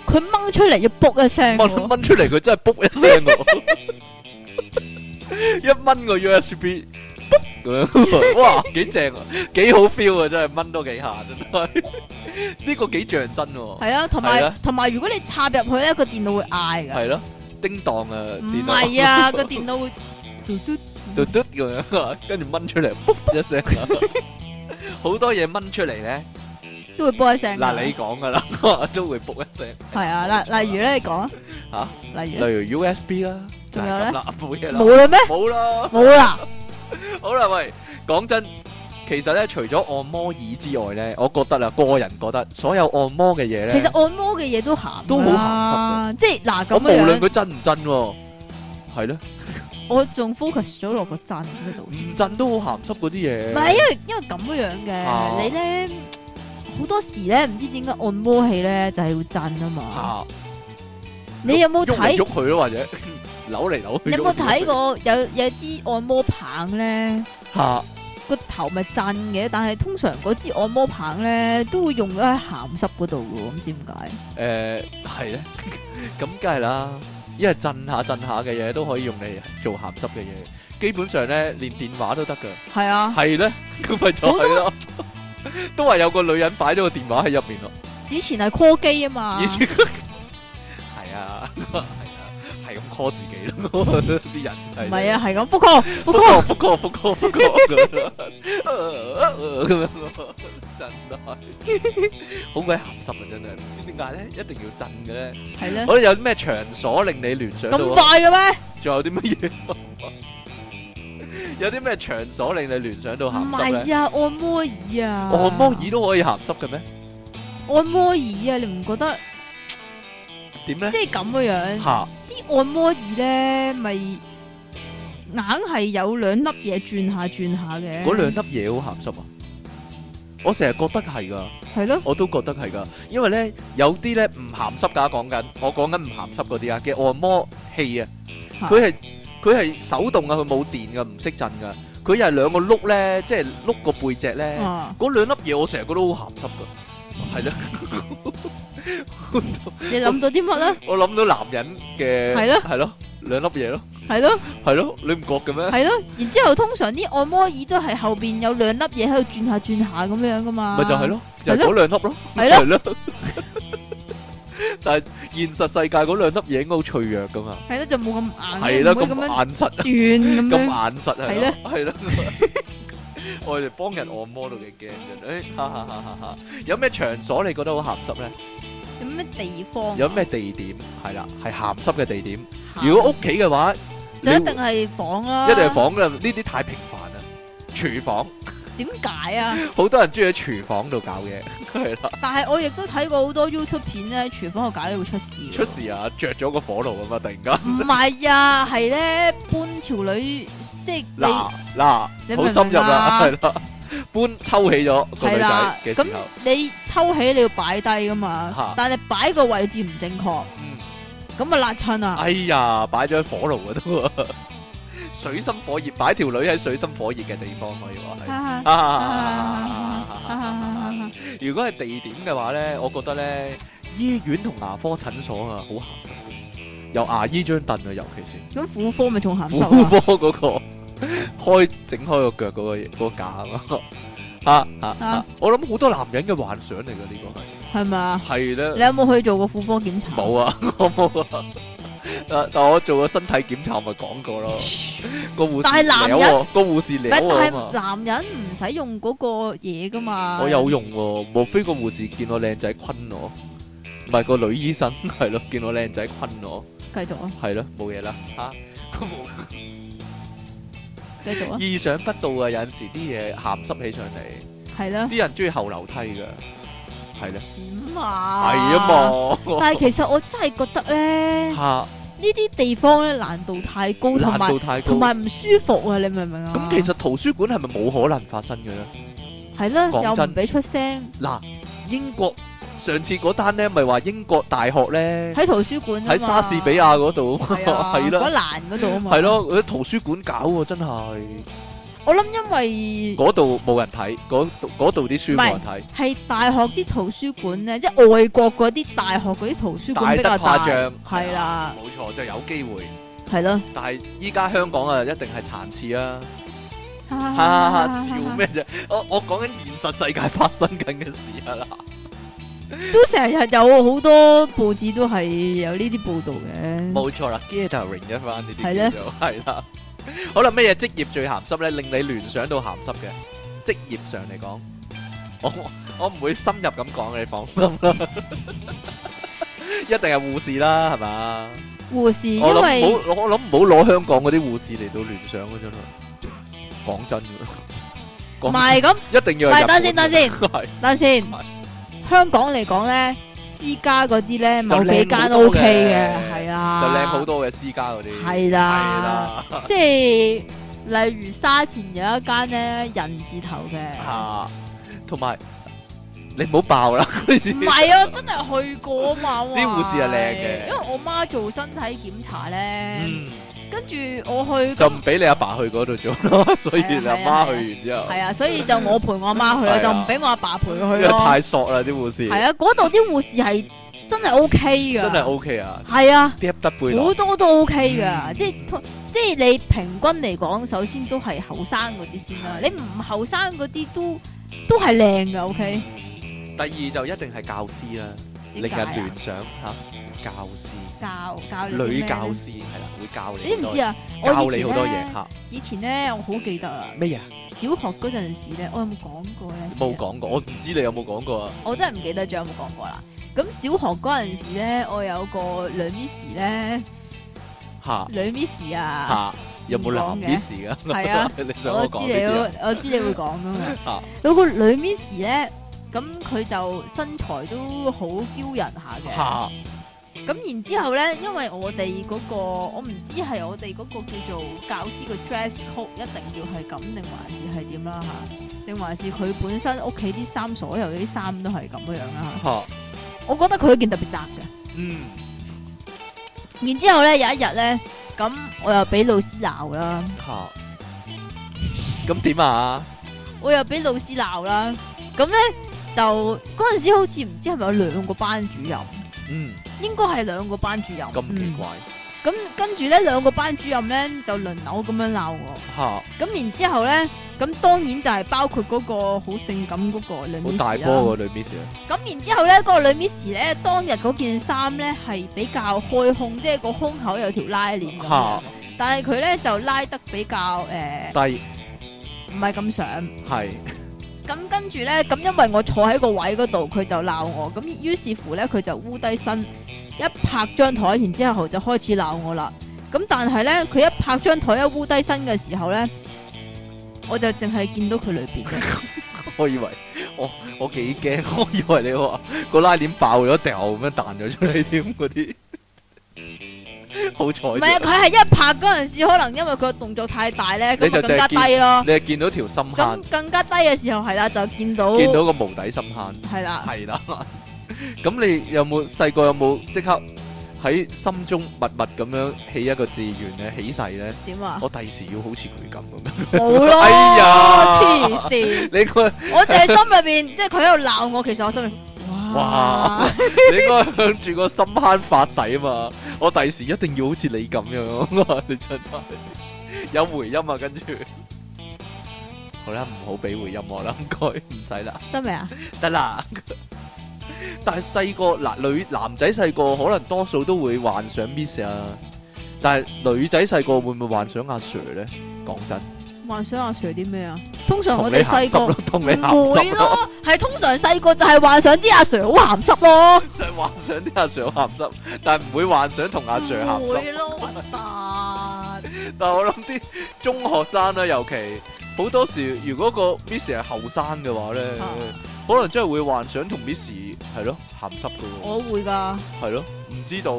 佢掹出嚟要卜一聲，掹掹出嚟佢真係卜一聲喎，一掹個 U S B，咁樣，哇，幾正啊，幾好 feel 啊，真係掹多幾下真係，呢個幾像真喎。係啊，同埋同埋，如果你插入去咧，個電腦會嗌噶。係咯，叮當啊，唔係啊，個電腦會嘟嘟嘟嘟咁樣，跟住掹出嚟卜一聲，好多嘢掹出嚟咧。都會播一聲嗱，你講噶啦，我都會撥一聲。係啊，嗱，例如咧，你講吓，例如例如 U S B 啦，仲有咧，冇嘢啦，冇咩，冇咯，冇啦，好啦，喂，講真，其實咧，除咗按摩椅之外咧，我覺得啊，個人覺得所有按摩嘅嘢咧，其實按摩嘅嘢都鹹濕，都好鹹濕啊，即係嗱咁樣樣。咁無論佢真唔真，係咯，我仲 focus 咗落個震嘅度。唔震都好鹹濕嗰啲嘢。唔係，因為因為咁樣嘅，你咧。好多時咧，唔知點解按摩器咧就係、是、要震啊嘛，啊你有冇睇喐佢咯或者扭嚟扭去？你有冇睇過有有支按摩棒咧？吓個、啊、頭咪震嘅，但係通常嗰支按摩棒咧都會用咗喺鹹濕嗰度噶，唔知點解？誒係咧，咁梗係啦，因為震下震下嘅嘢都可以用嚟做鹹濕嘅嘢，基本上咧連電話都得噶。係啊，係咧，咁咪就係咯。很多 [LAUGHS] 都話有個女人擺咗個電話喺入邊咯，以前係 call 機啊嘛，係 [LAUGHS] 啊，係啊，係咁、啊啊、call 自己咯，啲 [LAUGHS] 人係唔係啊？係咁複 call 複 call 複 c a l 真啊，好鬼鹹濕啊！真係唔知點解咧，一定要震嘅咧，係咧呢，可能我哋有啲咩場所令你聯想咁快嘅咩？仲有啲乜嘢？ [LAUGHS] 有啲咩場所令你聯想到鹹濕？唔係啊，按摩椅啊！按摩椅都可以鹹濕嘅咩？按摩椅啊，你唔覺得點咧？即係咁嘅樣，啲哈按摩椅咧咪硬係有兩粒嘢轉下轉下嘅。嗰兩粒嘢好鹹濕啊！我成日覺得係噶，係咯的，我都覺得係噶，因為咧有啲咧唔鹹濕噶。講緊我講緊唔鹹濕嗰啲啊，嘅、啊、按摩器啊，佢係哈。佢係手動噶佢冇電噶唔識震噶佢又係兩個碌咧，即係碌個背脊咧。嗰兩粒嘢，我成日覺得好咸濕噶係咯。你諗到啲乜咧？我諗到男人嘅。係咯。係咯。兩粒嘢咯。係咯。係咯。你唔覺嘅咩？係咯。然之後通常啲按摩椅都係後邊有兩粒嘢喺度轉下轉下咁樣噶嘛。咪就係咯。就係咯。兩粒咯。係咯。但係現實世界嗰兩粒嘢，應該好脆弱噶嘛？係咯，就冇咁硬，唔會咁樣硬實轉咁樣，咁硬實，係咯，係咯。我哋幫人按摩都幾驚啫，誒，哈哈哈！有咩場所你覺得好咸濕咧？有咩地方？有咩地點？係啦，係咸濕嘅地點。如果屋企嘅話，就一定係房啦。一定係房啦，呢啲太平凡啦，廚房。點解啊？好多人中意喺廚房度搞嘅，係啦。但係我亦都睇過好多 YouTube 片咧，廚房度搞都會出事。出事啊！着咗個火爐啊嘛，突然間。唔係啊，係咧搬條女，即係嗱嗱，好深入啦，係啦，搬抽起咗個女仔嘅，咁你抽起你要擺低噶嘛？但係擺個位置唔正確，咁啊辣親啊、嗯！哎呀，擺咗喺火爐嗰度。 [LAUGHS] 水深火熱，擺條女喺水深火熱嘅地方可以話係。如果係地點嘅話咧，我覺得咧醫院同牙科診所啊，好鹹？由牙醫張凳啊，尤其是。咁婦科咪仲鹹？濕、嗰個？婦科嗰個開整開個腳嗰個架啊啊！啊啊啊我諗好多男人嘅幻想嚟㗎，呢、呢個係。係咪啊？係咧。你有冇去做過婦科檢查？冇啊，我冇啊。但但我做個身體檢查，咪講過咯。個護但係男人個護士撩喎，唔係男人唔使用嗰個嘢噶嘛。我有用喎，莫非個護士見我靚仔昆我，唔係個女醫生係咯，見我靚仔昆我。繼續啊。係咯，冇嘢啦，吓，我冇。繼續啊。意想不到啊，有陣時啲嘢鹹濕起上嚟係啦。啲人中意後樓梯噶，係咧。點啊？係啊嘛。但係其實我真係覺得咧。吓。呢啲地方咧難度太高，同埋難度太高，同埋唔舒服啊！你明唔明啊？咁其實圖書館係咪冇可能發生嘅咧？係啦，又唔俾出聲。嗱，英國上次嗰單咧，咪話英國大學咧喺圖書館喺莎士比亞嗰度係啦，嗰欄嗰度啊嘛，係咯，喺圖書館搞喎，真係。我諗因為嗰度冇人睇，嗰度啲書冇人睇，係大學啲圖書館咧，即係外國嗰啲大學嗰啲圖書館比較大得誇張，係啦，冇錯的，就有機會，係咯的，但係依家香港啊，一定係殘次啊，吓吓吓笑咩啫？我我講緊現實世界發生緊嘅事啊啦， [LAUGHS] 都成日有好多報紙都係有呢啲報道嘅，冇錯啦，gathering 一翻呢啲，係啦。的 [LAUGHS] 好啦，咩嘢職業最咸濕咧？令你聯想到咸濕嘅職業上嚟講，我我唔會深入咁講嘅，你放心啦。一定係護士啦，係嘛？護士，因為我諗唔好，我諗唔好攞香港嗰啲護士嚟到聯想噶啫嘛。講真，唔係咁，一定要。等先，等先，等先。香港嚟講咧。私家嗰啲咧，某幾間 OK 嘅，係啊、OK，就靚好多嘅私家嗰啲，係啦，即係例如沙田有一間咧，人字頭嘅，啊，同埋你唔好爆啦，唔 [LAUGHS] 係啊，真係去過嘛，啲 [LAUGHS] 護士係靚嘅，因為我媽做身體檢查咧。嗯跟住我去就唔俾你阿爸去嗰度做咯，所以阿媽去完之後係啊，所以就我陪我阿媽去咯，就唔俾我阿爸陪佢去咯。因為太索啦，啲護士係啊，嗰度啲護士係真係 OK 噶，真係 OK 啊，係啊，好多都 OK 噶，即係即係你平均嚟講，首先都係後生嗰啲先啦，你唔後生嗰啲都都係靚噶 OK。第二就一定係教師啦，令人聯想吓教師。教教女教師係啦，會教你。你唔知啊？我教你好多嘢，以前咧，以前咧，我好記得啊。咩嘢？小學嗰陣時咧，我有冇講過咧？冇講過，我唔知你有冇講過啊。我真係唔記得仲有冇講過啦。咁小學嗰陣時咧，我有個女 Miss 咧嚇，女 Miss 啊嚇，有冇男 Miss 啊？係啊，我知你會，我知你會講噶嘛。有嗰個女 Miss 咧，咁佢就身材都好驕人下嘅。咁然之後咧，因為我哋嗰個，我唔知係我哋嗰個叫做教師個 dress code 一定要係咁，定還是係點啦吓？定還是佢本身屋企啲衫，所有啲衫都係咁樣樣啦吓。呵我覺得佢一件特別窄嘅。嗯。然之後咧，有一日咧，咁我又俾老師鬧啦。吓呵。咁點啊？我又俾老師鬧啦。咁咧就嗰陣時好似唔知係咪有兩個班主任。嗯。應該係兩個班主任，咁奇怪。咁跟住咧，兩個班主任咧就輪流咁樣鬧我。吓哈，咁然之後咧，咁當然就係包括嗰個好性感嗰個女 miss 好大波嗰個女 miss 咁然之後咧，嗰個女 miss 咧當日嗰件衫咧係比較開胸，即係個胸口有條拉鏈。吓哈，但係佢咧就拉得比較誒、呃、低，唔係咁想。係。咁跟住呢，咁因為我坐喺個位嗰度，佢就鬧我。咁於是乎呢，佢就烏低身一拍張台，然之後就開始鬧我啦。咁但係呢，佢一拍張台一烏低身嘅時候呢，我就淨係見到佢裏邊。 [LAUGHS] 我以為，我我幾驚，我以為你話那個拉鏈爆咗掉，咁樣彈咗出嚟，添嗰啲。 [LAUGHS] 好彩！唔係啊，佢係一拍嗰陣時，可能因為佢個動作太大咧，佢就更加低咯。你係見到條深坑，咁更加低嘅時候係啦，就見到見到個無底深坑，係啦，係啦。咁你有冇細個有冇即刻喺心中默默咁樣起一個志願咧，起誓咧？點啊？我第時要好似佢咁咁。冇啦，哎呀，黐線！你個我淨係心裏邊，即係佢喺度鬧我，其實我心裏。哇！你應該向住個心慳發誓啊嘛！我第時一定要好似你咁樣，我話你真係有回音啊！跟住好啦，唔好俾回音我啦，唔該，唔使啦，得未啊？得啦！但係細個嗱，女男仔細個可能多數都會幻想 Miss 啊，但係女仔細個會唔會幻想阿 Sir 咧？講真。幻想阿 Sir 啲咩啊？通常我哋細個同你鹹濕咯，唔會咯，係通常細個就係幻想啲阿 Sir 好鹹濕咯。就幻想啲阿 Sir 好鹹濕，但係唔會幻想同阿 Sir 鹹濕咯。唔會咯， [LAUGHS] 但但係我諗啲中學生咧、啊，尤其好多時，如果個 Miss 係後生嘅話咧，嗯、哈哈可能真係會幻想同 Miss 係咯鹹濕噶。我會噶。係咯，唔知道。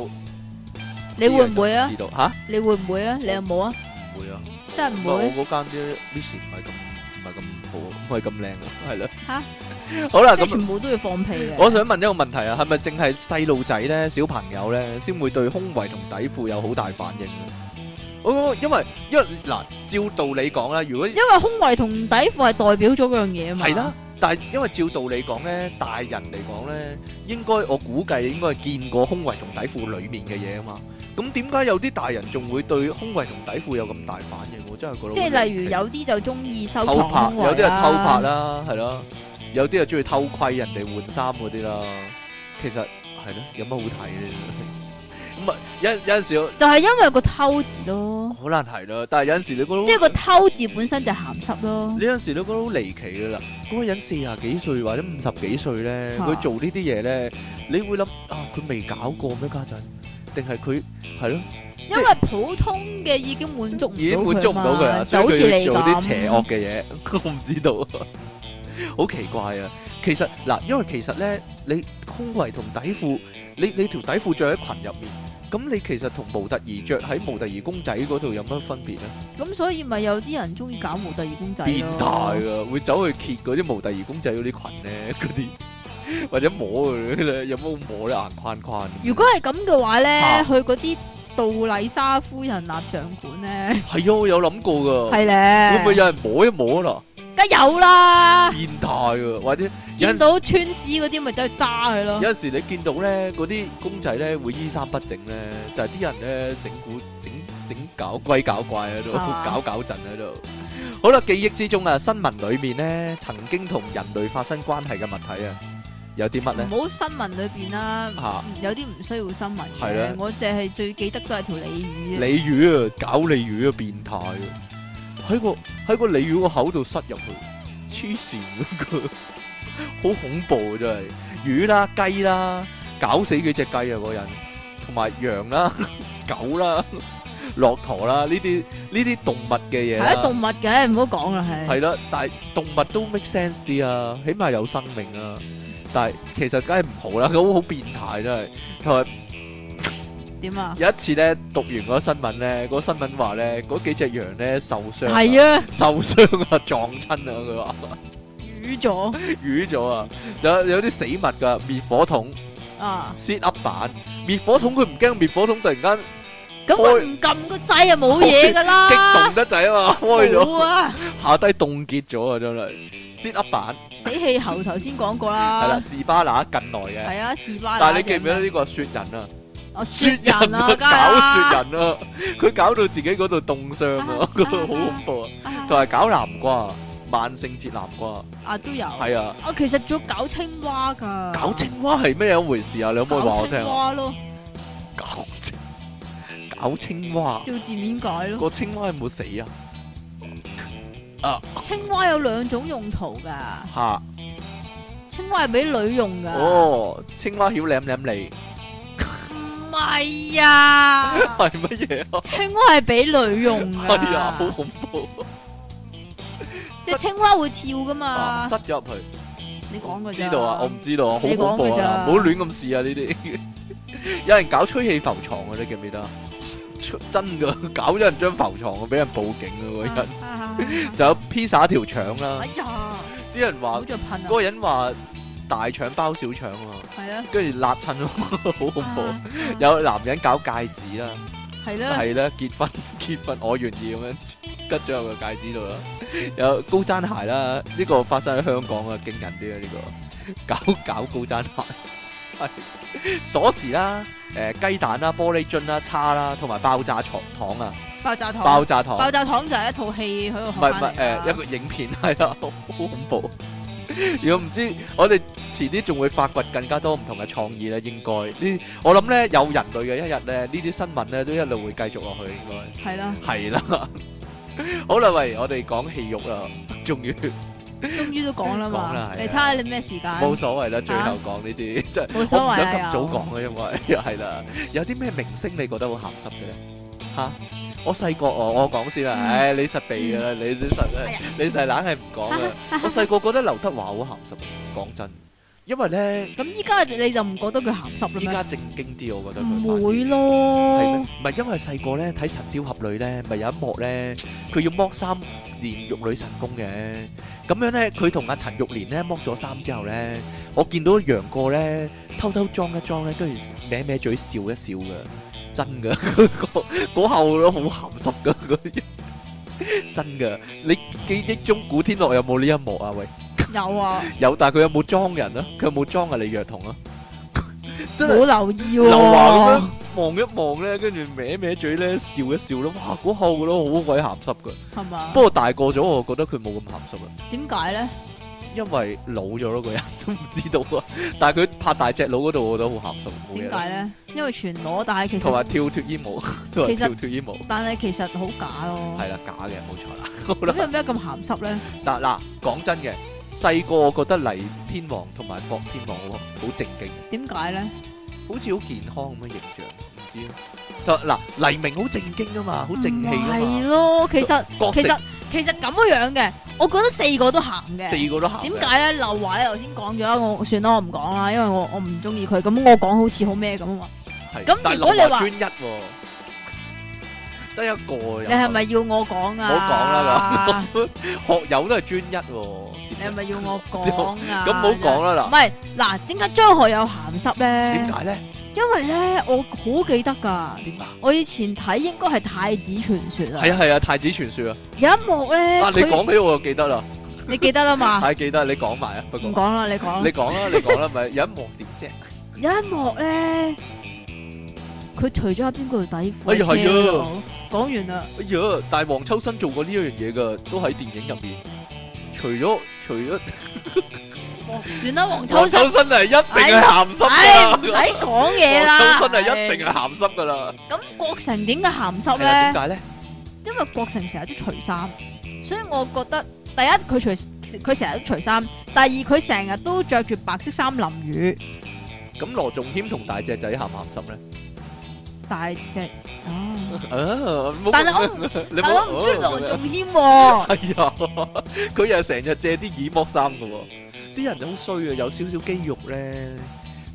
你會唔會啊？吓？啊、你會唔會啊？你有冇啊？我 會啊。即係唔會。我嗰間啲啲事唔係咁唔係咁好啊，唔係咁靚啊，係咯。嚇！好啦，咁全部都要放屁嘅。我想問一個問題啊，係咪淨係細路仔咧、小朋友咧先會對胸圍同底褲有好大反應咧？我因為因為嗱，照道理講咧，如果因為胸圍同底褲係代表咗嗰樣嘢啊嘛。係啦，但係因為照道理講咧，大人嚟講咧，應該我估計應該係見過胸圍同底褲裡面嘅嘢啊嘛。咁點解有啲大人仲會對胸圍同底褲有咁大反應？我真係覺得即係例如有啲就中意收藏胸圍啦，有啲人偷拍啦，係咯、啊，有啲人中意偷窺人哋換衫嗰啲啦。其實係咯，有乜好睇咧？唔係，有有陣時就係因為個偷字咯，好難睇咯。但係有陣時你覺得即係個偷字本身就鹹濕咯。你有陣時你覺得好離奇噶啦，嗰個人四十幾歲或者五十幾歲咧，佢、啊、做呢啲嘢咧，你會諗啊，佢未搞過咩家陣？定係佢係咯，因為普通嘅已經滿足，已經滿足唔到佢啦。就好似你咁做啲邪惡嘅嘢，我唔知道啊，好奇怪啊！其實嗱，因為其實咧，你胸圍同底褲，你你條底褲着喺裙入面，咁你其實同模特兒着喺模特兒公仔嗰度有乜分別咧？咁所以咪有啲人中意搞模特兒公仔咯？變態啊！會走去揭嗰啲模特兒公仔嗰啲裙咧嗰啲。或者摸佢咧，有冇摸啲硬框框？如果係咁嘅話咧，去嗰啲杜麗莎夫人蠟像館咧，係啊，我有諗過噶，係咧，會唔會有人摸一摸啦？梗有啦，變態噶，或者見到穿絲嗰啲，咪走去揸佢咯。有陣時你見到咧，嗰啲公仔咧會衣衫不整咧，就係啲人咧整蠱整整搞鬼搞怪啊，都搞搞震喺度。好啦，記憶之中啊，新聞裏面咧，曾經同人類發生關係嘅物體啊。有啲乜咧？唔好新聞裏邊啦，有啲唔需要新聞嘅。我淨係最記得都係條鯉魚。鯉魚啊，搞鯉魚啊，變態喺個喺個鯉魚個口度塞入去，黐線嗰個好恐怖啊！真係魚啦、雞啦，搞死幾隻雞啊！嗰人同埋羊啦、狗啦、駱駝啦，呢啲呢啲動物嘅嘢啦。動物嘅唔好講啦，係係啦，但係動物都 make sense 啲啊，起碼有生命啊。但係其實梗係唔好啦，咁好變態真係。佢話點啊？有一次咧，讀完嗰個新聞咧，嗰個新聞話咧，嗰幾隻羊咧受傷。係啊，受傷啊，撞親啊，佢話瘀咗，瘀咗啊，有有啲死物噶，滅火筒啊，set up 板，滅火筒佢唔驚，滅火筒突然間咁佢唔撳個掣就冇嘢噶啦，激動得滯啊嘛，開咗下低凍結咗啊，真係 set up 板。死氣喉頭先講過啦，係啦，士巴拿近來嘅，係啊，士巴拿。但係你記唔記得呢個雪人啊？哦，雪人啊，搞雪人啊，佢搞到自己嗰度凍傷啊，嗰度好恐怖啊，同埋搞南瓜，萬聖節南瓜啊，都有，係啊。我其實做搞青蛙噶，搞青蛙係咩一回事啊？你可唔可以話我聽？搞青蛙咯，搞青蛙，照字面改咯。個青蛙係冇死啊？青蛙有兩種用途噶，吓哈，青蛙係俾女用噶。哦，青蛙曉舐舐你？唔係啊，係乜嘢啊？青蛙係俾女用噶，係啊、哎，好恐怖。隻青蛙會跳噶嘛？啊、塞咗入去，你講個？知道啊，我唔知道啊，你講過好恐怖啊，唔好亂咁試啊呢啲。 [LAUGHS] 有人搞吹氣浮床啊，你記唔記得？真噶，搞咗人張浮床啊，俾人報警啊！嗰人就有披薩條腸啦，啲人話，嗰個人話大腸包小腸啊，係啊，跟住辣襯好恐怖，有男人搞戒指啦，係啦，係啦，結婚結婚，我願意咁樣吉咗入個戒指度啦，有高踭鞋啦，呢個發生喺香港啊，驚人啲啊呢個，搞搞高踭鞋。係鎖匙啦，誒雞蛋啦，玻璃樽啦，叉啦，同埋爆炸糖啊，爆炸糖，爆炸糖，爆炸糖就係一套戲去，唔係唔係，誒一個影片係啊，好恐怖。如果唔知，我哋遲啲仲會發掘更加多唔同嘅創意咧，應該。我諗咧，有人類嘅一日咧，呢啲新聞咧都一路會繼續落去，應該。係啦，係啦，好啦，喂，我哋講戲肉啦，終於。終於都講啦嘛，嚟睇下你咩時間。冇所謂啦，最後講呢啲，即係冇所謂啊。唔想咁早講啊，因為係啦，有啲咩明星你覺得好鹹濕嘅咧？嚇，我細個我我講先啦。唉，你實備噶啦，你先實啦，你就係硬係唔講啊。我細個覺得劉德華好鹹濕，講真，因為咧咁依家你就唔覺得佢鹹濕啦？依家正經啲，我覺得唔會咯，唔係因為細個咧睇《神鵰俠侶》咧，咪有一幕咧，佢要剝衫練玉女神功嘅。咁樣咧，佢同阿陳玉蓮咧剝咗衫之後咧，我見到楊過咧偷偷裝一裝咧，居然歪歪嘴笑一笑嘅，真嘅嗰下我都好鹹濕嘅嗰啲， [LAUGHS] 真嘅。你記憶中古天樂有冇呢一幕啊？喂，有啊， [LAUGHS] 有，但係佢有冇裝人啊？佢有冇裝啊？李若彤啊？好留意喎、啊，望一望咧，跟住歪歪嘴咧，笑一笑咯，哇，好厚嘅咯，好鬼鹹濕嘅，係嘛？不過大個咗，我覺得佢冇咁鹹濕啦。點解咧？因為老咗咯，個人都唔知道啊。 [LAUGHS] 但係佢拍大隻佬嗰度，我覺得好鹹濕。點解咧？因為全裸，但係其實同埋跳脫衣舞， [LAUGHS] 跳脫衣舞，但係其實好假咯。係啦， [LAUGHS] 假嘅冇錯啦。咁 [LAUGHS] 有咩咁鹹濕咧？嗱嗱， [LAUGHS] 講真嘅。細個我覺得黎天王同埋郭天王喎，好正經。點解咧？好似好健康咁嘅形象，唔知啦。就、啊、嗱黎明好正經啊嘛，好正氣。係咯，其實色其實其實咁樣嘅，我覺得四個都行嘅。四個都行。點解咧？劉華你頭先講咗啦，我算啦，我唔講啦，因為我我唔中意佢。咁我講好似好咩咁啊？係是。咁如果你話、哦。得一個，你係咪要我講啊？唔好講啦，學友都係專一。你係咪要我講啊？咁唔好講啦嗱。唔係嗱，點解張學友鹹濕咧？點解咧？因為咧，我好記得噶。點解？我以前睇應該係《太子傳說》啊。係啊，係啊，《太子傳說》啊。有一幕咧。啊！你講俾我我記得啦。你記得啦嘛？係記得，你講埋啊。唔講啦，你講。你講啦，你講啦，咪有一幕點啫？有一幕咧，佢除咗喺邊個度底褲？哎呀，係啊。講完啦。哎呀，但係黃秋生做過呢一樣嘢噶，都喺電影入面。除咗，除咗，算啦，黃秋生係一定係鹹濕啦。唔使講嘢啦，黃秋生係一定係鹹濕噶啦。咁郭成點解鹹濕咧？點解咧？因為郭成成日都除衫，所以我覺得第一佢除佢成日都除衫，第二佢成日都着住白色衫淋雨。咁羅仲謙同大隻仔鹹唔鹹濕咧？大隻哦，但係我唔，我唔中意羅仲謙喎。哎呀，佢又成日借啲意剝衫噶喎，啲人好衰啊，有少少肌肉咧，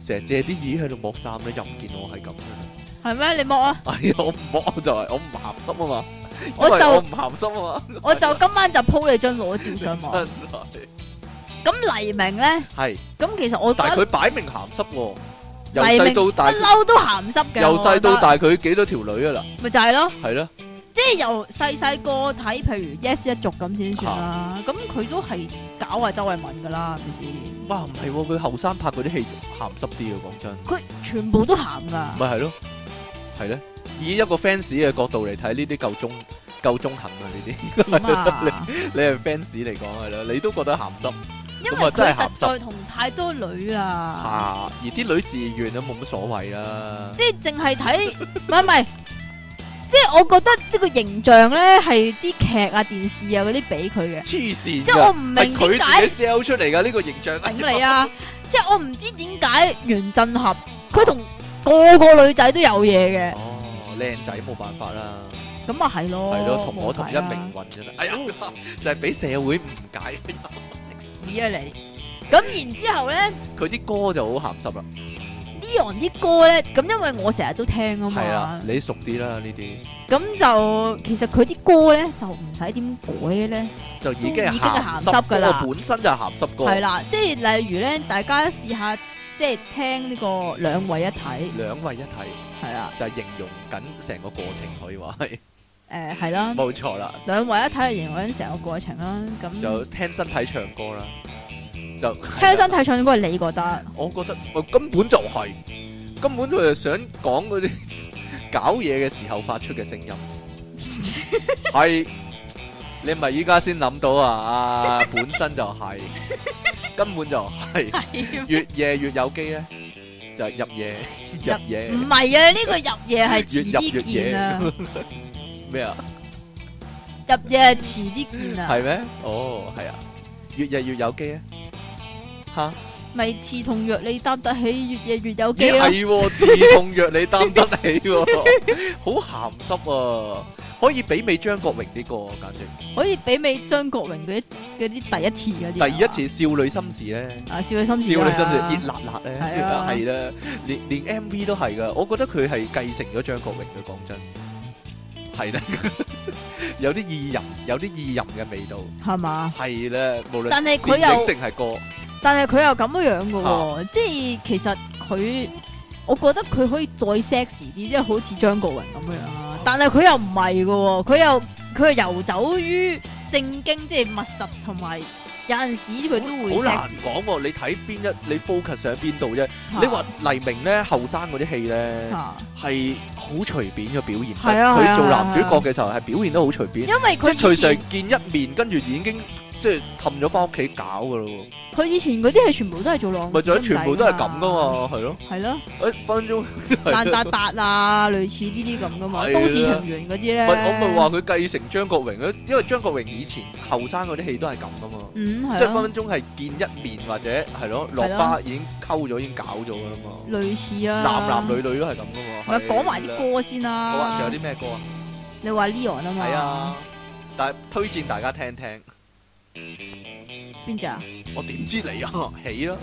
成日借啲意喺度剝衫咧，又唔見我係咁噶啦。係咩？你剝啊？哎呀，我唔剝，就係我唔咸濕啊嘛。我就唔咸濕啊嘛，我就今晚就 po 你張裸照上網。真係。咁黎明咧？係。咁其實我但係佢擺明咸濕喎。由細到大，不嬲都鹹濕嘅。由細到大，佢幾多條女啊嗱？咪就係咯，係咯。即係由細細個睇，譬如 yes 一族咁先算啦。咁佢都係搞下周慧敏噶啦，唔係？哇，唔係，佢後生拍嗰啲戲鹹濕啲嘅，講真。佢全部都鹹噶。咪係咯，係咧。以一個 fans 嘅角度嚟睇，呢啲夠中夠中肯啊！呢啲。咁啊，你你係 fans 嚟講係啦，你都覺得鹹濕？因為佢實在同太多女啊，而啲女自願都冇乜所謂啦。即係淨係睇，唔係唔係，即係我覺得呢個形象咧係啲劇啊、電視啊嗰啲俾佢嘅。黐線！即係我唔明佢自己 sell 出嚟噶呢個形象嚟啊！即係我唔知點解原振俠佢同個個女仔都有嘢嘅。哦，靚仔冇辦法啦。咁啊係咯，係咯，同我同一命運啫。哎呀，就係俾社會誤解。咁、啊、然之後咧，佢啲歌就好鹹濕啦。Leon 啲歌咧，咁因為我成日都聽啊嘛。係啦，你熟啲啦呢啲。咁就其實佢啲歌咧就唔使點改咧，就已經已經係鹹濕㗎啦。本身就係鹹濕歌。係啦，即係例如咧，大家試下即係聽呢個兩位一體。兩位一體係啦，的就係形容緊成個過程可以話。 [LAUGHS] 誒，係啦，冇錯啦，兩位一睇就形容成個過程啦，咁就聽身體唱歌啦，就聽身體唱歌，你覺得？我覺得我根本就係，根本就係想講嗰啲搞嘢嘅時候發出嘅聲音，係你咪依家先諗到啊？本身就係，根本就係，越夜越有機咧，就入夜入夜，唔係啊？呢個入夜係遲啲見啊。咩啊？入夜遲啲見啊？係咩？哦，係啊，越夜越有機啊！吓咪刺痛藥你擔得起，越夜越有機啊！係刺痛藥你擔得起喎，好咸濕啊！可以媲美張國榮呢個，簡直可以媲美張國榮嗰啲嗰啲第一次嗰啲。第一次少女心事咧啊！少女心事，少女心事，熱辣辣咧，係啦，連連 MV 都係噶，我覺得佢係繼承咗張國榮嘅，講真。係啦， [LAUGHS] 有啲意淫，有啲意淫嘅味道，係嘛吧？係啦，無論但係佢又一定係歌，但係佢又咁樣嘅喎、哦，啊、即係其實佢，我覺得佢可以再 sexy 啲，即、就、係、是、好似張國榮咁樣啦。啊、但係佢又唔係嘅，佢又佢又游走於正經，即、就、係、是、密實同埋。有陣時佢都會好難講喎、啊，你睇邊一你 focus 上邊度啫？你話、啊、黎明咧後生嗰啲戲咧係好隨便嘅表現，佢、啊啊啊啊、做男主角嘅時候係表現得好隨便，因為即係隨時見一面跟住已經。即係氹咗翻屋企搞噶咯喎！佢以前嗰啲係全部都係做浪，咪仲有全部都係咁噶嘛？係咯，係咯。誒，分分鐘，達達達啊，類似呢啲咁噶嘛？都市情緣嗰啲咧。我咪係話佢繼承張國榮，因為張國榮以前後生嗰啲戲都係咁噶嘛。即係分分鐘係見一面或者係咯，落巴已經溝咗，已經搞咗噶啦嘛。類似啊。男男女女都係咁噶嘛。咪講埋啲歌先啦。好啊！仲有啲咩歌啊？你話 Leon 啊嘛。係啊，但係推薦大家聽聽。邊隻啊？我點知你 [LAUGHS] 起咯 [LAUGHS] 啊？起咯，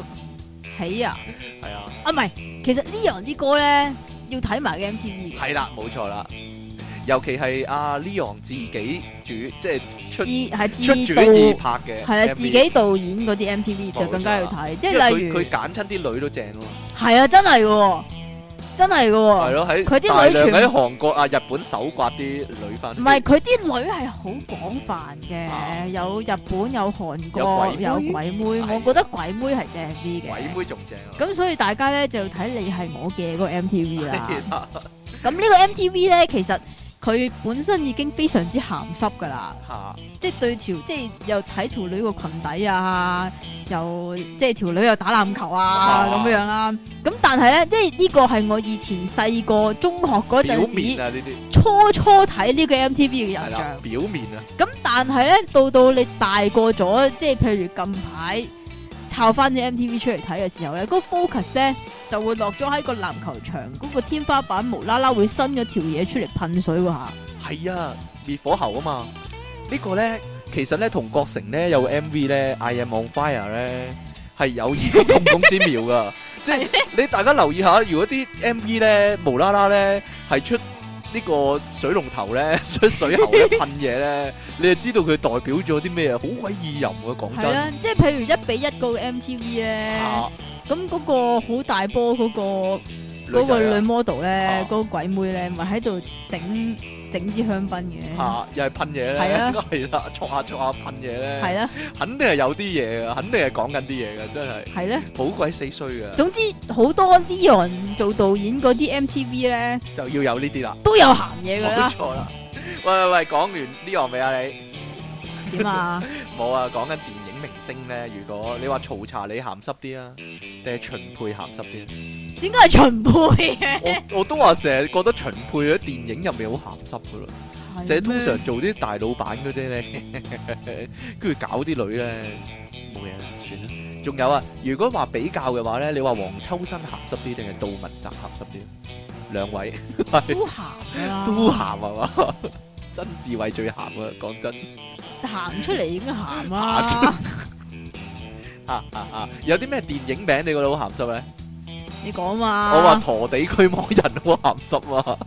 起啊，係啊，啊唔係，其實 Leon 啲歌咧要睇埋嘅 MTV，係啦，冇錯、啊、啦，尤其係阿、啊、Leon 自己主，即係自係自導拍嘅，係啊，自己導演嗰啲 MTV 就更加要睇，啊、即係是 例如佢揀親啲女都正咯，係啊，真係嘅、啊。真係嘅喎，佢啲女全喺韓國啊、日本搜刮啲女翻，唔係佢啲女係好廣泛嘅。嗯、有日本、有韓國、有鬼妹。鬼妹的我覺得鬼妹係正啲嘅。鬼妹仲正。咁所以大家咧就睇你係我嘅嗰個 MTV 啦。咁是的 [LAUGHS] 呢個 MTV 咧其實。佢本身已經非常之鹹濕噶啦，即係對條即係又睇條女個裙底啊，又即係條女又打籃球啊咁哇樣啦。咁但係咧，即係呢個係我以前細個中學嗰陣時、啊、初初睇呢個 MTV 嘅印象。表面啊！咁但係咧，到到你大個咗，即係譬如近排抄翻啲 MTV 出嚟睇嘅時候咧，個 focus 咧。就會落咗喺個籃球場，嗰個天花板無啦啦會伸一條嘢出嚟噴水喎吓。係啊，滅火喉啊嘛。呢個咧，其實咧同郭城咧有 MV 咧 I am on fire 咧係有異曲同工之妙噶。即係你大家留意下，如果啲 MV 咧無啦啦咧係出呢個水龍頭咧出水喉咧噴嘢咧，你就知道佢代表咗啲咩啊，好鬼意淫噶講真。係啦，即係譬如一比一個 MTV 咧。咁嗰個好大波嗰個女 model 咧，嗰個鬼妹咧，咪喺度整整支香檳嘅，又係噴嘢咧，係啦，戳下戳下噴嘢咧，係啦，肯定係有啲嘢嘅，肯定係講緊啲嘢嘅，真係，係咧，好鬼死衰嘅。總之好多啲人做導演嗰啲 MTV 咧，就要有呢啲啦，都有鹹嘢㗎啦。冇錯啦，喂喂喂，講完呢行未啊？你點啊？冇啊，講緊點。明星咧，如果你話曹查理鹹濕啲啊，定係秦沛鹹濕啲？點解係秦沛啊？我我都話成日覺得秦沛喺電影入面好鹹濕噶咯，成日嗎通常做啲大老闆嗰啲咧，跟 [LAUGHS] 住搞啲女咧，冇嘢啦，算啦。仲有啊，如果話比較嘅話咧，你話黃秋生鹹濕啲定係杜汶澤鹹濕啲？兩位 [LAUGHS] 都鹹都鹹係嘛，曾志偉最鹹啊，講真。行出嚟已經鹹啦！啊啊啊！有啲咩電影名你覺得好鹹濕咧？你講嘛？我話陀地驅魔人好鹹濕啊！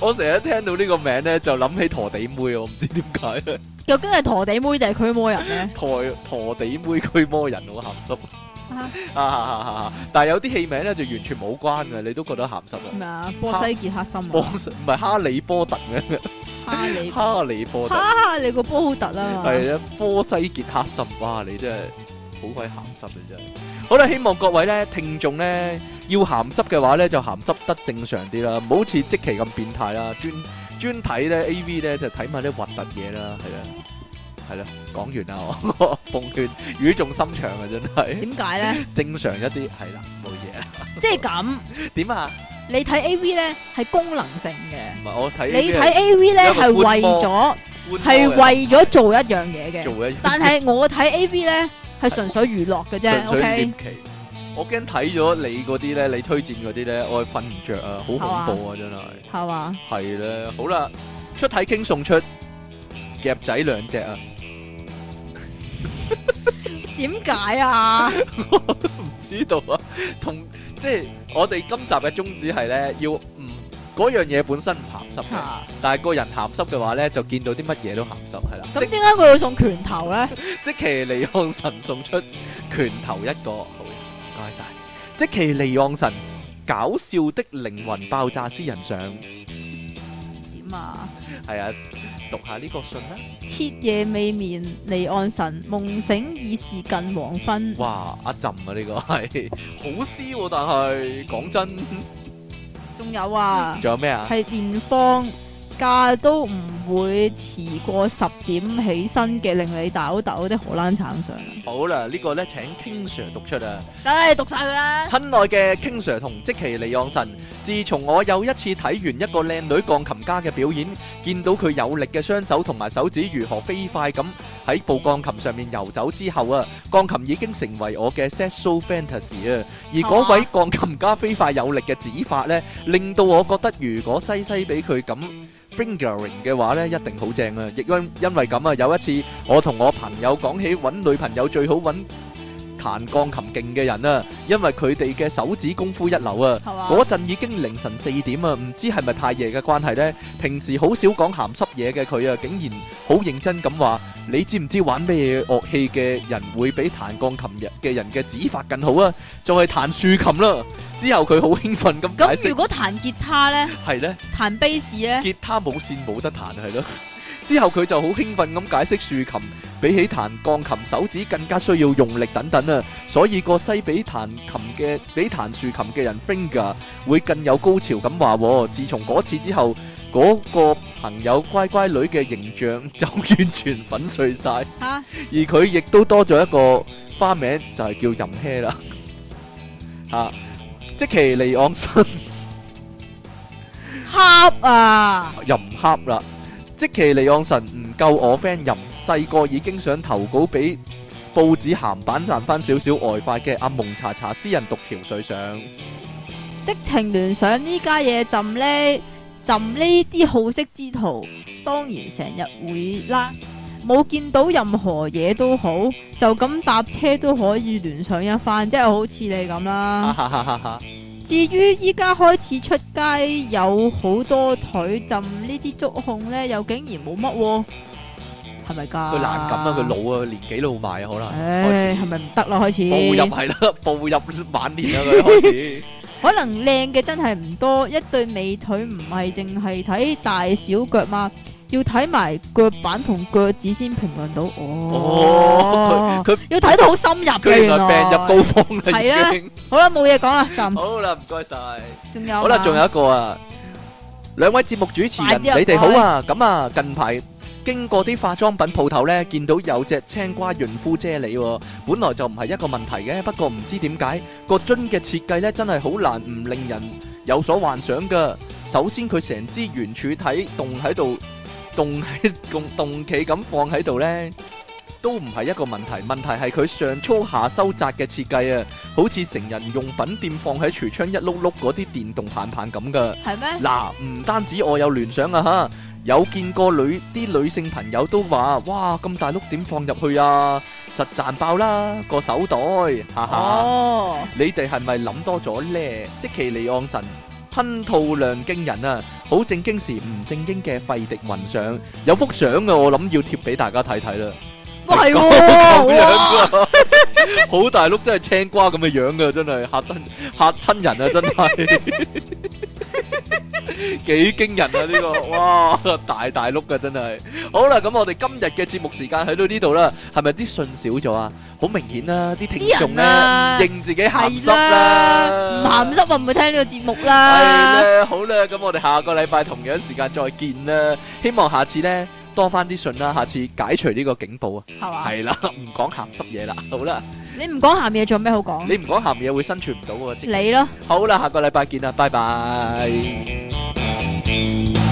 我成日聽到呢個名咧，就諗起陀地妹啊！我唔知點解。究竟係陀地妹定係驅魔人咧？陀陀地妹驅魔人好鹹濕啊啊啊啊！但係有啲戲名咧就完全冇關嘅，你都覺得鹹濕啊？咩啊？《波西傑克森》啊？唔係《哈利波特》咩？哈利,哈利波特，哈,哈利個波好突啊嘛！係啊，波西傑克森，哇，你真係好鬼咸濕啊，真係。好啦，希望各位咧聽眾咧要咸濕嘅話咧就咸濕得正常啲啦，唔好似積淇咁變態啦，專專睇咧 A V 咧就睇埋啲核突嘢啦，係啦，係啦。講完啦，我 [LAUGHS] 奉勸語重心長啊，真係。點解咧？正常一啲係啦，冇嘢。即係咁點啊？你睇 A V 咧係功能性嘅，唔係我睇。你睇 A V 咧係為咗，係為咗做一樣嘢嘅。做一樣嘢，但係我睇 A V 咧係純粹娛樂嘅啫。OK，我驚睇咗你嗰啲咧，你推薦嗰啲咧，我瞓唔着啊，好恐怖啊，真係。係嘛？係啦，好啦，出體 king 送出夾仔兩隻啊！點解啊？我都唔知道啊，同即係。我哋今集嘅宗旨係咧，要唔嗰、嗯、樣嘢本身唔鹹濕嘅，啊、但係個人鹹濕嘅話咧，就見到啲乜嘢都鹹濕係啦。咁點解佢要送拳頭咧？ [LAUGHS] 積淇離岸神送出拳頭一個，好唔該晒。謝謝積淇離岸神搞笑的靈魂爆炸私人相，點啊？係 [LAUGHS] 啊！讀下呢個信呢。徹夜未眠離岸神，夢醒已是近黃昏。哇！阿朕啊，呢個係好詩喎，哦，但係講真，仲有啊，仲、嗯、有咩啊？係蓮芳。家都唔會遲過十點起身嘅，令你抖抖啲荷蘭橙上。好啦，呢個呢請 King Sir 讀出啊！梗係讀晒佢啦。親愛嘅 King Sir 同積淇離岸神，自從我有一次睇完一個靚女鋼琴家嘅表演，見到佢有力嘅雙手同埋手指如何飛快咁喺部鋼琴上面遊走之後啊，鋼琴已經成為我嘅 sexual fantasy 啊。而嗰位鋼琴家飛快有力嘅指法呢，令到我覺得如果西西俾佢咁。Fingering 嘅話咧，一定好正啊！亦因因為咁啊，有一次我同我朋友講起揾女朋友最好揾，彈鋼琴勁嘅人啊，因為佢哋嘅手指功夫一流啊。嗰陣吧已經凌晨四點啊，唔知係咪太夜嘅關係呢？平時好少講咸濕嘢嘅佢啊，竟然好認真咁話：你知唔知玩咩樂器嘅人會比彈鋼琴嘅人嘅指法更好啊？就係彈豎琴啦。之後佢好興奮咁解釋。咁如果彈吉他呢？係 [LAUGHS] 呢？彈貝斯呢？吉他冇線冇得彈係咯。 [LAUGHS] 之後佢就好興奮咁解釋，豎琴比起彈鋼琴手指更加需要用力等等啊，所以個西比彈琴嘅，比彈豎琴嘅人 finger 會更有高潮咁話。自從嗰次之後，嗰個朋友乖乖女嘅形象就完全粉碎晒。吓，而佢亦都多咗一個花名，就係叫任靴啦。吓，即係尼昂新恰啊，任恰啦。即淇離岸神唔夠我 friend，任細個已經想投稿俾報紙鹹版賺翻少少外快嘅，阿蒙查查私人獨條水上色情聯想呢家嘢浸呢，浸呢啲好色之徒當然成日會啦，冇見到任何嘢都好，就咁搭車都可以聯想一番，即係好似你咁啦。 [LAUGHS] 至於依家開始出街有好多腿浸呢啲足控咧，又竟然冇乜喎，係咪㗎？佢難咁啊，佢老啊，年紀老埋啊，可能。誒，係咪唔得咯？開始步入係啦，步入晚年啦，開始。可能靚嘅真係唔多，一對美腿唔係淨係睇大小腳嘛。要睇埋腳板同腳趾先評論到哦。佢要睇到好深入嘅，原來。佢原來病入膏肓啦已經。係啦，好啦，冇嘢講啦，就。好啦，唔該晒。仲有。好啦，仲有一個啊，兩位節目主持人，你哋好啊。咁啊，近排經過啲化妝品鋪頭呢，見到有隻青瓜潤膚啫喱喎。本來就唔係一個問題嘅，不過唔知點解個樽嘅設計呢，真係好難唔令人有所幻想噶。首先佢成支圓柱體戙喺度。棟喺棟棟企咁放喺度呢，都唔係一個問題。問題係佢上粗下收窄嘅設計啊，好似成人用品店放喺櫥窗一碌碌嗰啲電動棒棒咁㗎。係咩嗎？嗱，唔單止我有聯想啊嚇，有見過女啲女性朋友都話：哇，咁大碌點放入去啊？實賺爆啦個手袋，哈 [LAUGHS] 哈、哦！你哋係咪諗多咗呢？積淇離岸神。吞吐量驚人啊！好正經時唔正經嘅費迪云相，有幅相啊，我諗要貼俾大家睇睇啦。唔係喎，咁樣噶，好大碌，真係青瓜咁嘅樣噶，真係嚇親嚇親人啊，真係，幾驚人啊呢個，哇，大大碌噶真係。好啦，咁我哋今日嘅節目時間去到呢度啦，係咪啲信少咗啊？好明顯啦，啲聽眾咧唔認自己鹹濕啦，唔鹹濕啊，唔會聽呢個節目啦。係啦，好啦，咁我哋下個禮拜同樣時間再見啦，希望下次咧。多翻啲信啦，下次解除呢個警報啊，係嘛吧？係啦，唔講鹹濕嘢啦，好啦。你唔講鹹嘢，仲有咩好講？你唔講鹹嘢，會生存唔到喎。你咯。好啦，下個禮拜見啦，拜拜。 [MUSIC]